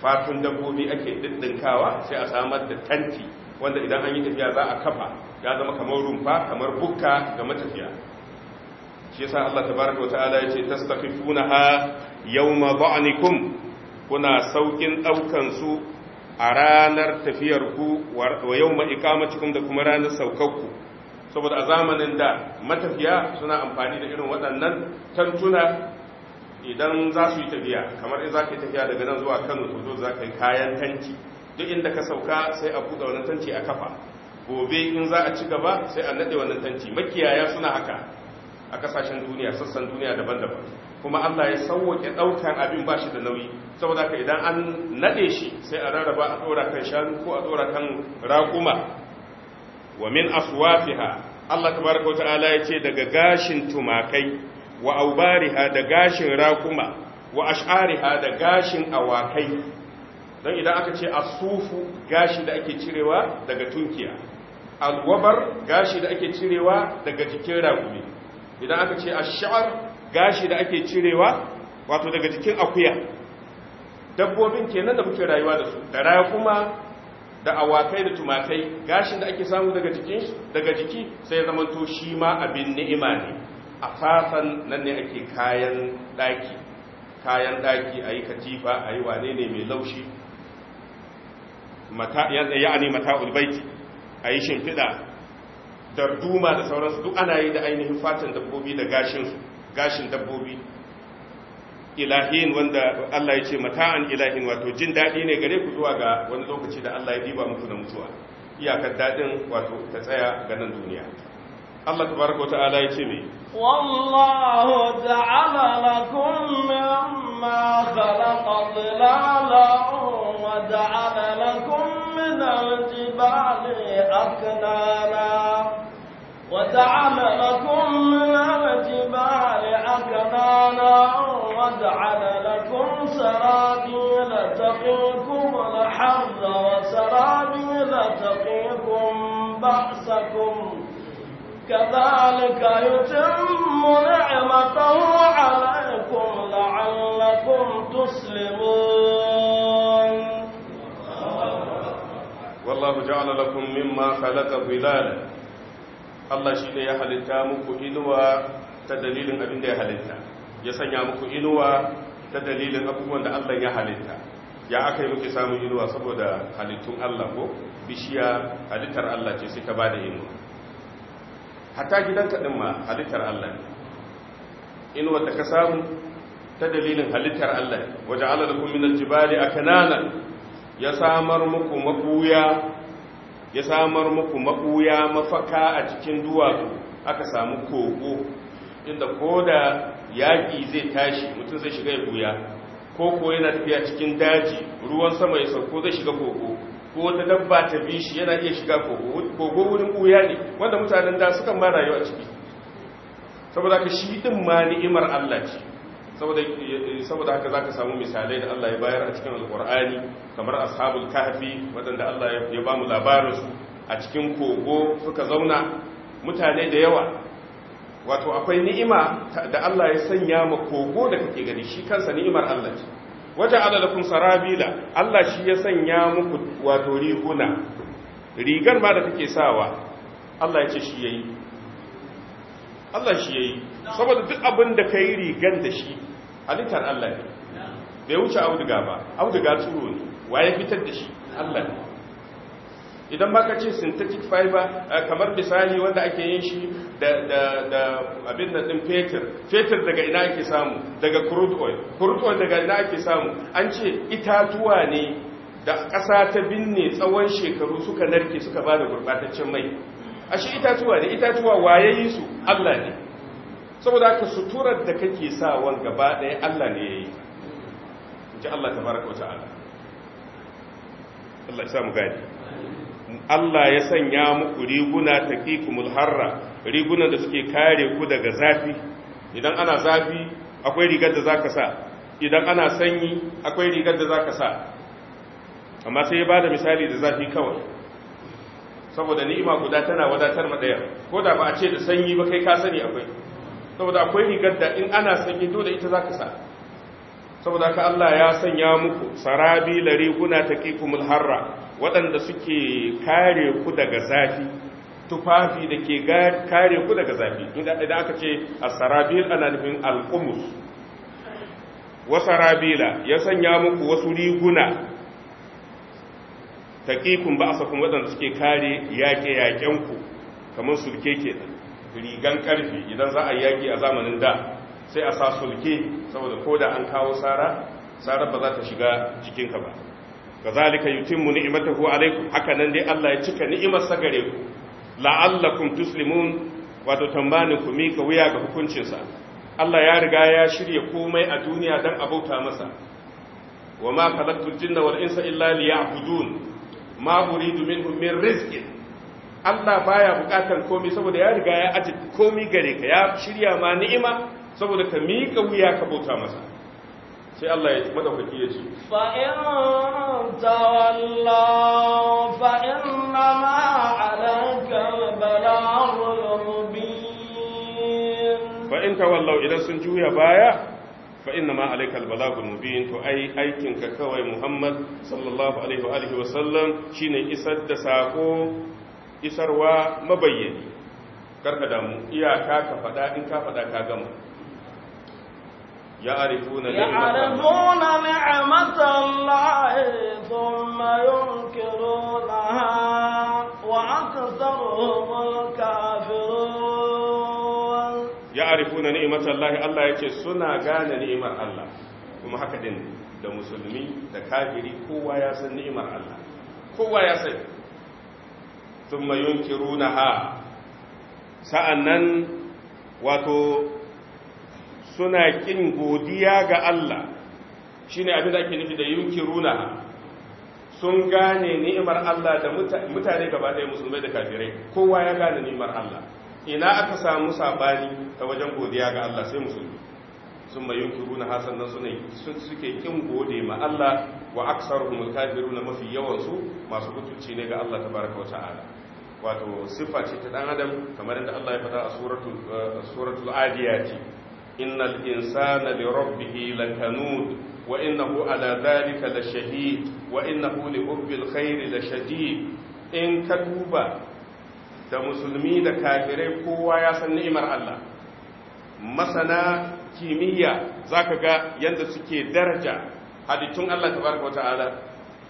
fatun dabbobi ake diddinkawa sai a samar da tanti wanda idan an yi tafiya za a kafa ya zama kamar rumfa kamar bukka ga matafiya shi yasa Allah tabaraka wa ta'ala yace tastaqifunaha yawma da'nikum kuna saukin ɗaukan su a ranar tafiyar ku wa yau ma'ikamacikum da kuma ranar saukakku saboda a zamanin da matafiya suna amfani da irin waɗannan tantuna idan za su yi tafiya kamar in za ka yi tafiya daga nan zuwa kano to za ka yi kayan tanki duk inda ka sauka sai a buɗe wannan tanci a kafa gobe in za a ci gaba sai a naɗe wannan tanci, makiyaya suna haka a ƙasashen duniya sassan duniya daban-daban kuma Allah ya sauwake daukan abin ba shi da nauyi saboda haka idan an nade shi sai a rarraba a dora kan shanu ko a dora kan raƙuma wa min aswafiha Allah tabaraka wa ta'ala ya ce daga gashin tumakai wa aubariha da gashin raguma. wa ash'ariha da gashin awakai don idan aka ce asufu gashi da ake cirewa daga tunkiya alwabar gashi da ake cirewa daga jikin ragume. idan aka ce ash'ar gashi da ake cirewa wato daga jikin akuya dabbobin kenan da muke rayuwa da su da raya kuma da awakai da tumakai gashin da ake samu daga jikin daga jiki sai zaman to shi ma abin ni'ima ne a fasan nan ne ake kayan daki kayan daki ayi katifa ayi wane ne mai laushi mata ya'ani mata'ul baiti ayi shimfida darduma da sauransu duk ana yi da ainihin fatan dabbobi da gashin su gashin dabbobi ilahin wanda Allah ya ce mata'an ilahin wato jin daɗi ne gare ku zuwa ga wani lokaci da Allah ya diba muku da mutuwa iyakar daɗin wato ta tsaya ga nan duniya Allah tabaraka wata'ala ya ce me wallahu ta'ala lakum mimma khalaqa dhilalan wa ja'ala lakum min al-jibali aknana وجعل لكم من الجبال أكنانا وجعل لكم سرابيل تقيكم الحر وسرابيل تقيكم بأسكم كذلك يتم نعمته عليكم لعلكم تسلمون والله جعل لكم مما خلق ظلالا Allah shi ne ya halitta muku inuwa ta dalilin abin da ya halitta ya sanya muku inuwa ta dalilin abubuwan da Allah ya halitta ya aka yi muke samun inuwa saboda halittun Allah ko bishiya halittar Allah ce sai ta ba da inuwa hatta gidan kaɗin ma halittar Allah ne inuwa da ka samu ta dalilin halittar Allah waje Allah da kuma jibali a kanana ya samar muku mabuya ya samar muku maɓuya mafaka a cikin duwatsu aka samu kogo inda ko da yaƙi zai tashi mutum zai shiga ya buya ko ko yana tafiya cikin daji ruwan sama ya sauko zai shiga kogo ko wata dabba ta bi shi yana iya shiga kogo wurin buya ne wanda mutanen da suka ma a ciki saboda ka shi din ma ni'imar Allah ce saboda haka za ka samu misalai da Allah ya bayar a cikin alkur'ani kamar ashabul kahfi waɗanda Allah ya ba mu su a cikin kogo suka zauna mutane da yawa wato akwai ni'ima da Allah ya sanya ma kogo da kake gani shi kansa ni'imar Allah ce waje alalakun sarabila Allah shi ya sanya muku wato riguna rigar ma da kake sawa Allah ya ce shi yayi Allah shi yayi saboda duk abin da kai rigan da shi halittar Allah ne bai wuce auduga ba auduga turo ne waye fitar da shi Allah ne idan ba ka ce synthetic fiber eh, kamar misali wanda ake yin shi da abin da ɗin fetur fetur daga ina ake samu daga crude oil crude oil daga ina ake samu an ce itatuwa ne da ƙasa ta binne tsawon shekaru suka narke suka ba da gurɓataccen mai shi itatuwa ne itatuwa wayayi yi su allah ne saboda haka suturar da kake sa wani gaba ɗaya Allah ne ya yi ji Allah ta baraka wata ala Allah ya samu gani Allah ya sanya muku riguna ta kikumul harra rigunan da suke kare ku daga zafi idan ana zafi akwai rigar da za ka sa idan ana sanyi akwai rigar da za ka sa amma sai ya ba da misali da zafi kawai saboda ni'ima guda tana wadatar maɗaya ko da ba a ce da sanyi ba kai ka sani akwai saboda akwai rigar da in ana sanyi dole ita zaka sa saboda ka Allah ya sanya muku sarabi lariguna taqikumul harra waɗanda suke kare ku daga zafi tufafi da ke kare ku daga zafi idan aka ce asarabil ana nufin alqumus wa sarabila ya sanya muku wasu riguna taqikum ba'sakum waɗanda suke kare yaƙe yakenku kamar sulke kenan rigan karfe idan za a yaki a zamanin da sai a sa sulke saboda ko da an kawo sara sara ba za ta shiga jikinka ba kazalika yutimmu ni'matahu alaikum haka nan dai Allah ya cika ni'imar sa gare ku la'allakum tuslimun wato tambanin ku ka wuya ga hukuncinsa Allah ya riga ya shirya komai a duniya don abauta masa wa ma khalaqtul jinna wal insa illa liya'budun ma uridu minhum min rizqin Allah baya bukatar komai saboda ya riga ya aji komai gare ka ya shirya ma ni'ima saboda ka miƙa wuya ka bauta masa sai Allah ya madaukaki ya ce fa in tawalla fa inna ma alayka balagul mubin fa in idan sun juya baya fa inna ma alayka albalagul mubin to ai aikin ka kawai Muhammad sallallahu alaihi wa alihi wa sallam shine isar da sako isarwa mabayyani karka damu iyaka ka faɗa in ka faɗa ka gama ya arifu na ya arifu na ni'imata Allah Allah ya ce suna gane ni'imar Allah kuma haka din da musulmi da kafiri kowa ya san ni'imar Allah kowa ya san thumma yunkirunaha sa'annan wato suna ƙin godiya ga Allah ne abin da ake nufi da runaha, sun gane ni'imar Allah da mutane gaba ɗaya musulmai da kafirai kowa ya gane ni'imar Allah ina aka samu sabani ta wajen godiya ga Allah sai musulmi sun mai yunkiruna hasannan sun suke kin gode ma Allah wa aksaruhum na mafi yawansu, masu mutunci ne ga Allah baraka wata ala wato siffa ce ta dan adam kamar yadda Allah ya faɗa a suratul suratul adiyati innal insana li rabbih lakanud wa innahu ala dhalika lashahid wa innahu li hubbil khair lashadid in ka duba da musulmi da kafirai kowa ya san ni'imar Allah masana kimiyya zaka ga yanda suke daraja halittun Allah tabaraka wa ta'ala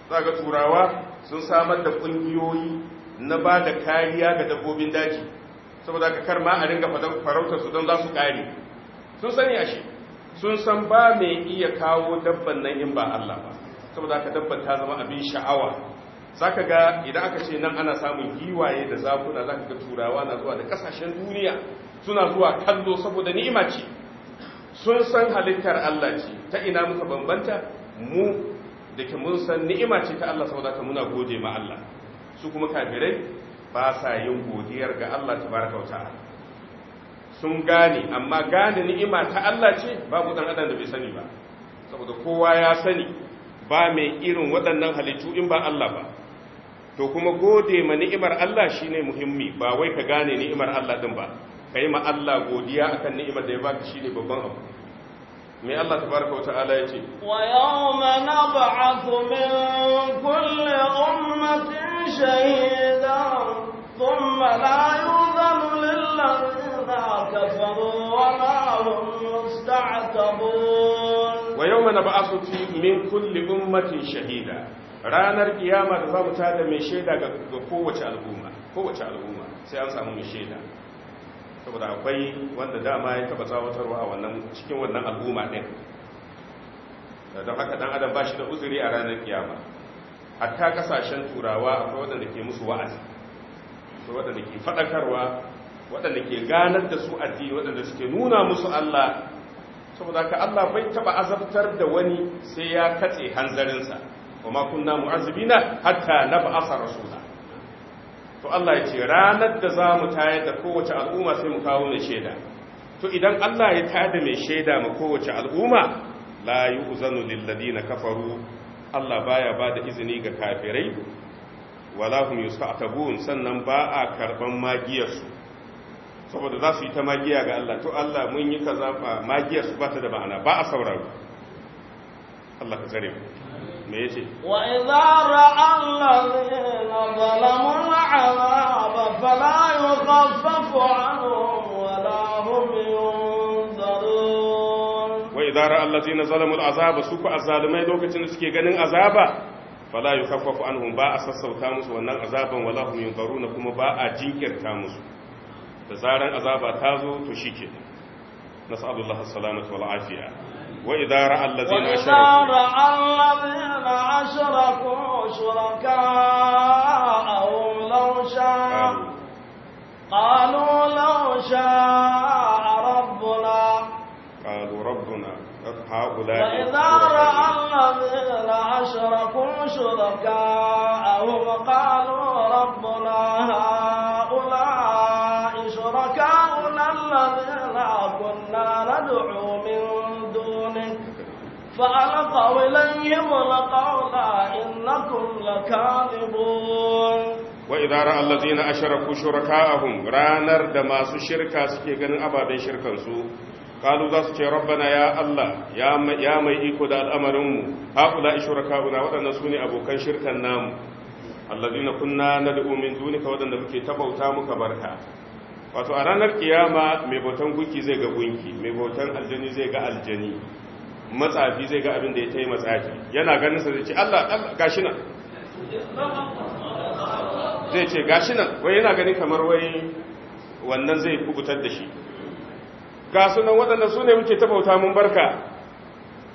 zaka turawa sun samar da kungiyoyi na ba da kariya ga dabbobin daji saboda ka kar ma a ringa farautar su don za su kare sun sani a shi sun san ba mai iya kawo dabban nan in ba Allah ba saboda ka dabban ta zama abin sha'awa zaka ga idan aka ce nan ana samun giwaye da zakuna zaka ga turawa na zuwa da kasashen duniya suna zuwa kallo saboda ni'ima ce sun san halittar Allah ce ta ina muka bambanta mu da ke mun san ni'ima ce ta Allah saboda ka muna gode ma Allah su kuma kafirai ba sa yin godiyar ga Allah tabaraka wa ta'ala sun gane amma gane ni'ima ta Allah ce babu dan adam da bai sani ba saboda kowa ya sani ba mai irin waɗannan halittu in ba Allah ba to kuma gode ma ni'imar Allah shine muhimmi ba wai ka gane ni'imar Allah din ba kai ma Allah godiya akan ni'imar da ya baka shine babban abu mai Allah ta tabaraka ala ta'ala yace wa ba nab'athu min kulli ummatin shahidan thumma la yudhanu lil ladzina kafaru wa la hum musta'tabun wa yawma nab'athu min kulli ummatin shahida ranar kiyama da za mu tada mai shaida ga kowace al'umma kowace al'umma sai an samu mai shaida saboda akwai wanda dama ya taba tsawatarwa a wannan cikin wannan al'umma ɗin don haka dan adam ba shi da uzuri a ranar kiyama hatta kasashen turawa akwai waɗanda ke musu wa'azi Akwai waɗanda ke faɗakarwa waɗanda ke ganar da su addini waɗanda suke nuna musu Allah saboda ka Allah bai taba azabtar da wani sai ya katse hanzarinsa kuma kunna na hatta nab'asa rasula to Allah ya ce ranar da za mu tayar da kowace al'umma sai mu kawo mai shaida to idan Allah ya da mai shaida ma kowace al'umma la yu'zanu lil ladina kafaru Allah baya ba da izini ga kafirai wala hum yusta'tabun sannan ba a karban magiyarsu saboda za su yi ta magiya ga Allah to Allah mun yi kaza magiyarsu ba ta da ma'ana ba a sauraro Allah ka tsare mu me yace wa idza ra'a allazina zalamu al'azaba fala yukhaffafu anhum wala hum yunzarun wa idza ra'a allazina zalamu al'azaba suku ku azalimai lokacin da suke ganin azaba fala yukhaffafu anhum ba a sassauta musu wannan azaban wala hum yunzarun kuma ba a jinkirta musu da zaran azaba ta zo to shike nas'alullahi as-salamata wal afiya وإذا رأى الذين أشركوا رأى الذين أشركوا شركاءهم لو شاء قالوا لو شاء ربنا قالوا ربنا هؤلاء وإذا رأى الذين أشركوا شركاءهم قالوا ربنا هؤلاء فألقوا إليهم القول إنكم لكاذبون وإذا رأى الذين أشركوا شركاءهم رانر دماس شركا سكيغن أبابين شركا سوء قالوا ذات ربنا يا الله يا ما يا ما يكو دا الأمرهم هؤلاء شركاؤنا ودنا سوني أبو كان شركا نام الذين كنا ندعو من دونك ودنا بكي تبوتا مكبركا wato a ranar kiyama mai bautan gunki zai ga gunki mai bautan aljani zai ga aljani matsafi zai ga abin da ya tayi matsafi yana ganin sai ce Allah Allah gashi nan zai ce gashi nan wai yana ganin kamar wai wannan zai kubutar da shi ga sunan waɗannan su ne muke tabauta mun barka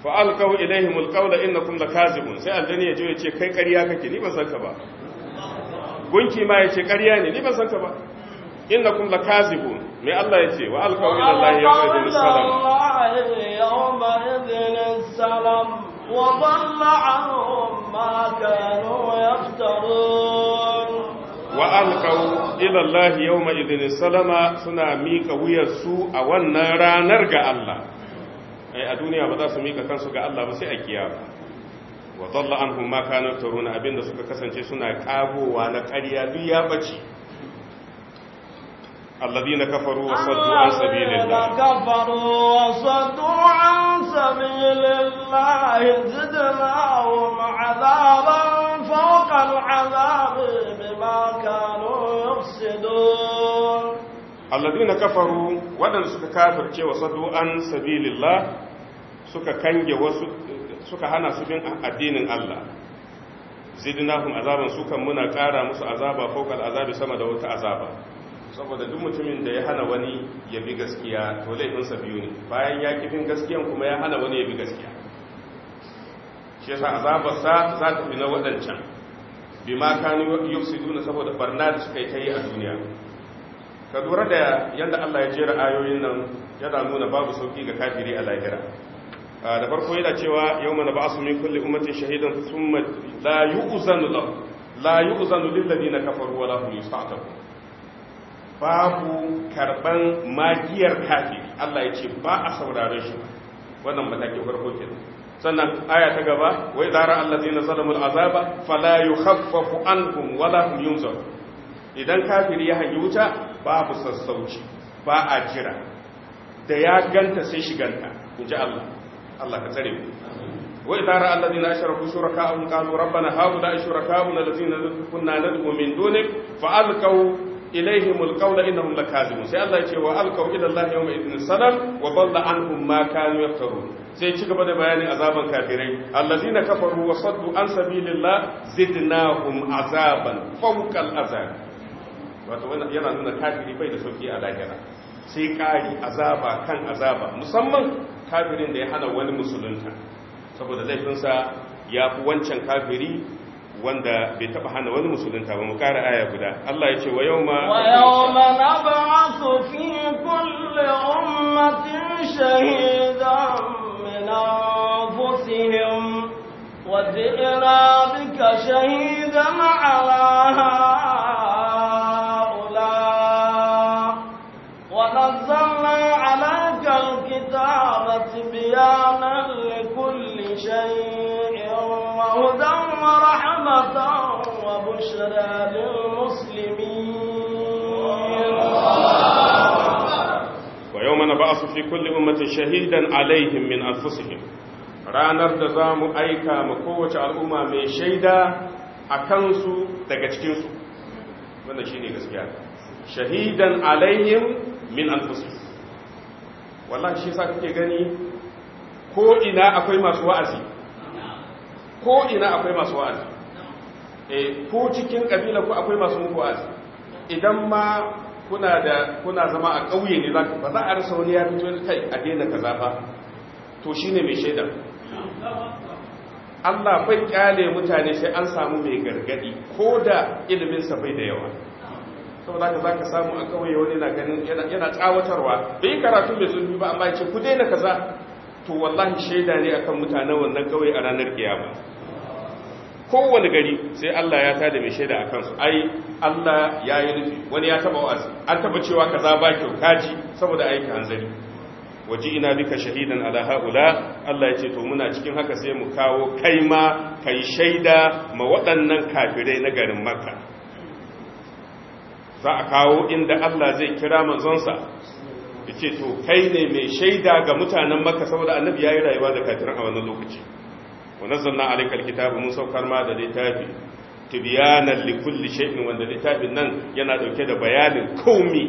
fa alqaw ilaihim alqawla innakum lakazibun sai aljani ya je ya ce kai ƙarya kake ni ban san ka ba gunki ma ya ce ƙarya ne ni ban san ka ba inna kun la kazibun mai Allah ya ce wa alkawin ilallahi yau ma'idin salama suna mika wuyarsu a wannan ranar ga Allah a duniya ba za su mika kansu ga Allah ba sai a kiya ba wa zalla an hun makanar taruna abinda suka kasance suna kagowa na karya duk ya bace الذين كفروا وصدوا عن سبيل الله كفروا وصدوا عن سبيل الله زدناهم عذابا فوق العذاب بما كانوا يفسدون الذين كفروا ودن سكا كافر كي وصدوا عن سبيل الله سكا كنجي وسو سكا هنا سبين الدين الله zidnahum azaban sukan muna ƙara musu azaba fawqa al'azabi sama da wata azaba saboda duk mutumin da ya hana wani ya bi gaskiya to laifinsa biyu ne bayan ya kifin gaskiyan kuma ya hana wani ya bi gaskiya shi yasa azabarsa za ta fi na waɗancan bi ma kanu yufsiduna saboda barna da suka yi ta yi a duniya ka lura da yadda Allah ya jera ayoyin nan yana nuna babu sauki ga kafiri a lahira da farko yana cewa yau mana ba su min kulle umarci shahidan sun la yi uzanu lillabi na kafar wala yi sa'atabu babu karban magiyar kafiri Allah ya ce ba a saurare shi wannan matakin farko kenan sannan aya ta gaba wai zara allazina zalamu al'azaba fala yukhaffafu anhum wala hum yunzar idan kafiri ya hangi wuta babu sassauci ba a jira da ya ganta sai shi ganta. inji Allah Allah ka tsare mu وإذا رأى الذين أشركوا شركاءهم قالوا ربنا هؤلاء شركاؤنا الذين كنا ندعو من دونك فألقوا ilaihi alqawla innahum sai Allah ya ce wa alqaw ila Allah yawma idin salam wa dalla anhum ma kanu yaftarun sai ci gaba da bayani azaban kafirai allazina kafaru wa saddu an sabilillah zidnahum azaban fawqa al'azab wato wannan yana nuna kafiri bai da sauki a lahira sai kari azaba kan azaba musamman kafirin da ya hana wani musulunta saboda laifinsa ya fi wancan kafiri wanda bai taba hana wani musulunta ba mu kara aya guda Allah ya ce wa yawma wa yawma nab'athu fi kulli ummatin shahidan min anfusihim wa dhikra bika shahidan 'ala ula wa nazzalna 'alayka al-kitaba li kulli shay'in وهدى ورحمة وبشرى للمسلمين ويوم نبعث في كل أمة شهيدا عليهم من أنفسهم ranar da za mu aika ma kowace al'umma mai shaida a kansu daga cikinsu wanda shi ne gaskiya shahidan alayyin min anfusu wallahi shi sa kake gani ko ina akwai masu wa'azi ko ina akwai masu wa'azi eh, ko cikin kabila ko akwai masu muku wa'azi idan ma kuna da kuna zama a kauye ne ba za a rasa wani ya fito kai a daina kaza ba to shine mai shaida Allah bai kyale mutane sai an samu mai gargadi ko da iliminsa bai da yawa saboda ka zaka samu a kawai wani na ganin yana tsawatarwa bai karatu mai zurfi ba amma ce ku daina kaza to wallahi shaida ne akan mutanen wannan kawai a ranar kiyama kowane gari sai Allah ya tada mai shaida akan su ai Allah ya yi nufi wani ya taba wasu. an taba cewa kaza ba kyau kaji saboda aiki hanzari waji ina bika shahidan ala haula Allah ya ce to muna cikin haka sai mu kawo kai ma kai shaida ma waɗannan kafirai na garin Makka za a kawo inda Allah zai kira manzonsa yace to kai ne mai shaida ga mutanen makka saboda annabi yi rayuwa da kafirin a wannan lokaci wa nazzalna alaykal kitaba mun saukar ma da littafi tibyanan li kulli shay'in wanda littafin nan yana dauke da bayanin komi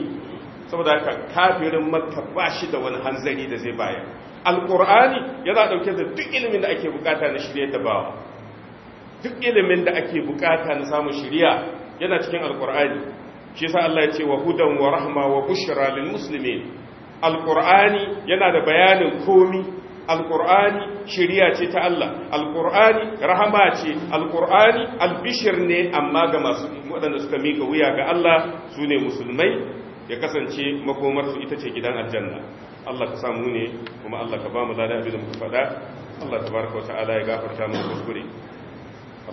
saboda ka kafirin makka ba shi da wani hanzari da zai baya. alqur'ani yana dauke da duk ilimin da ake bukata na shirye ta bawa duk ilimin da ake bukata na samun shirya yana cikin alqur'ani shi yasa Allah ya ce wa hudan wa rahma wa bushra lil muslimin Alƙur'ani yana da bayanin komi Alƙur'ani shirya ce ta Allah Alƙur'ani rahama ce Alƙur'ani albishir ne amma ga masu waɗanda suka mika wuya ga Allah su ne musulmai ya kasance makomarsu ita ce gidan aljanna Allah ka samu ne kuma Allah ka ba mu lada abin da muka faɗa Allah tabaraka wa ta'ala ya gafarta mu kuskure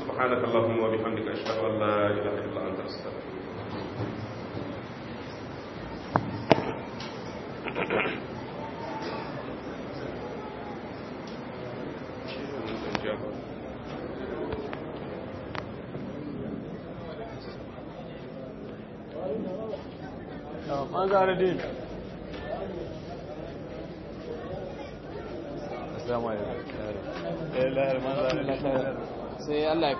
سبحانك اللهم وبحمدك أشهد أن لا إله إلا أنت أستغفرك الدين السلام عليكم لا لا ما لا لا sai Allah ya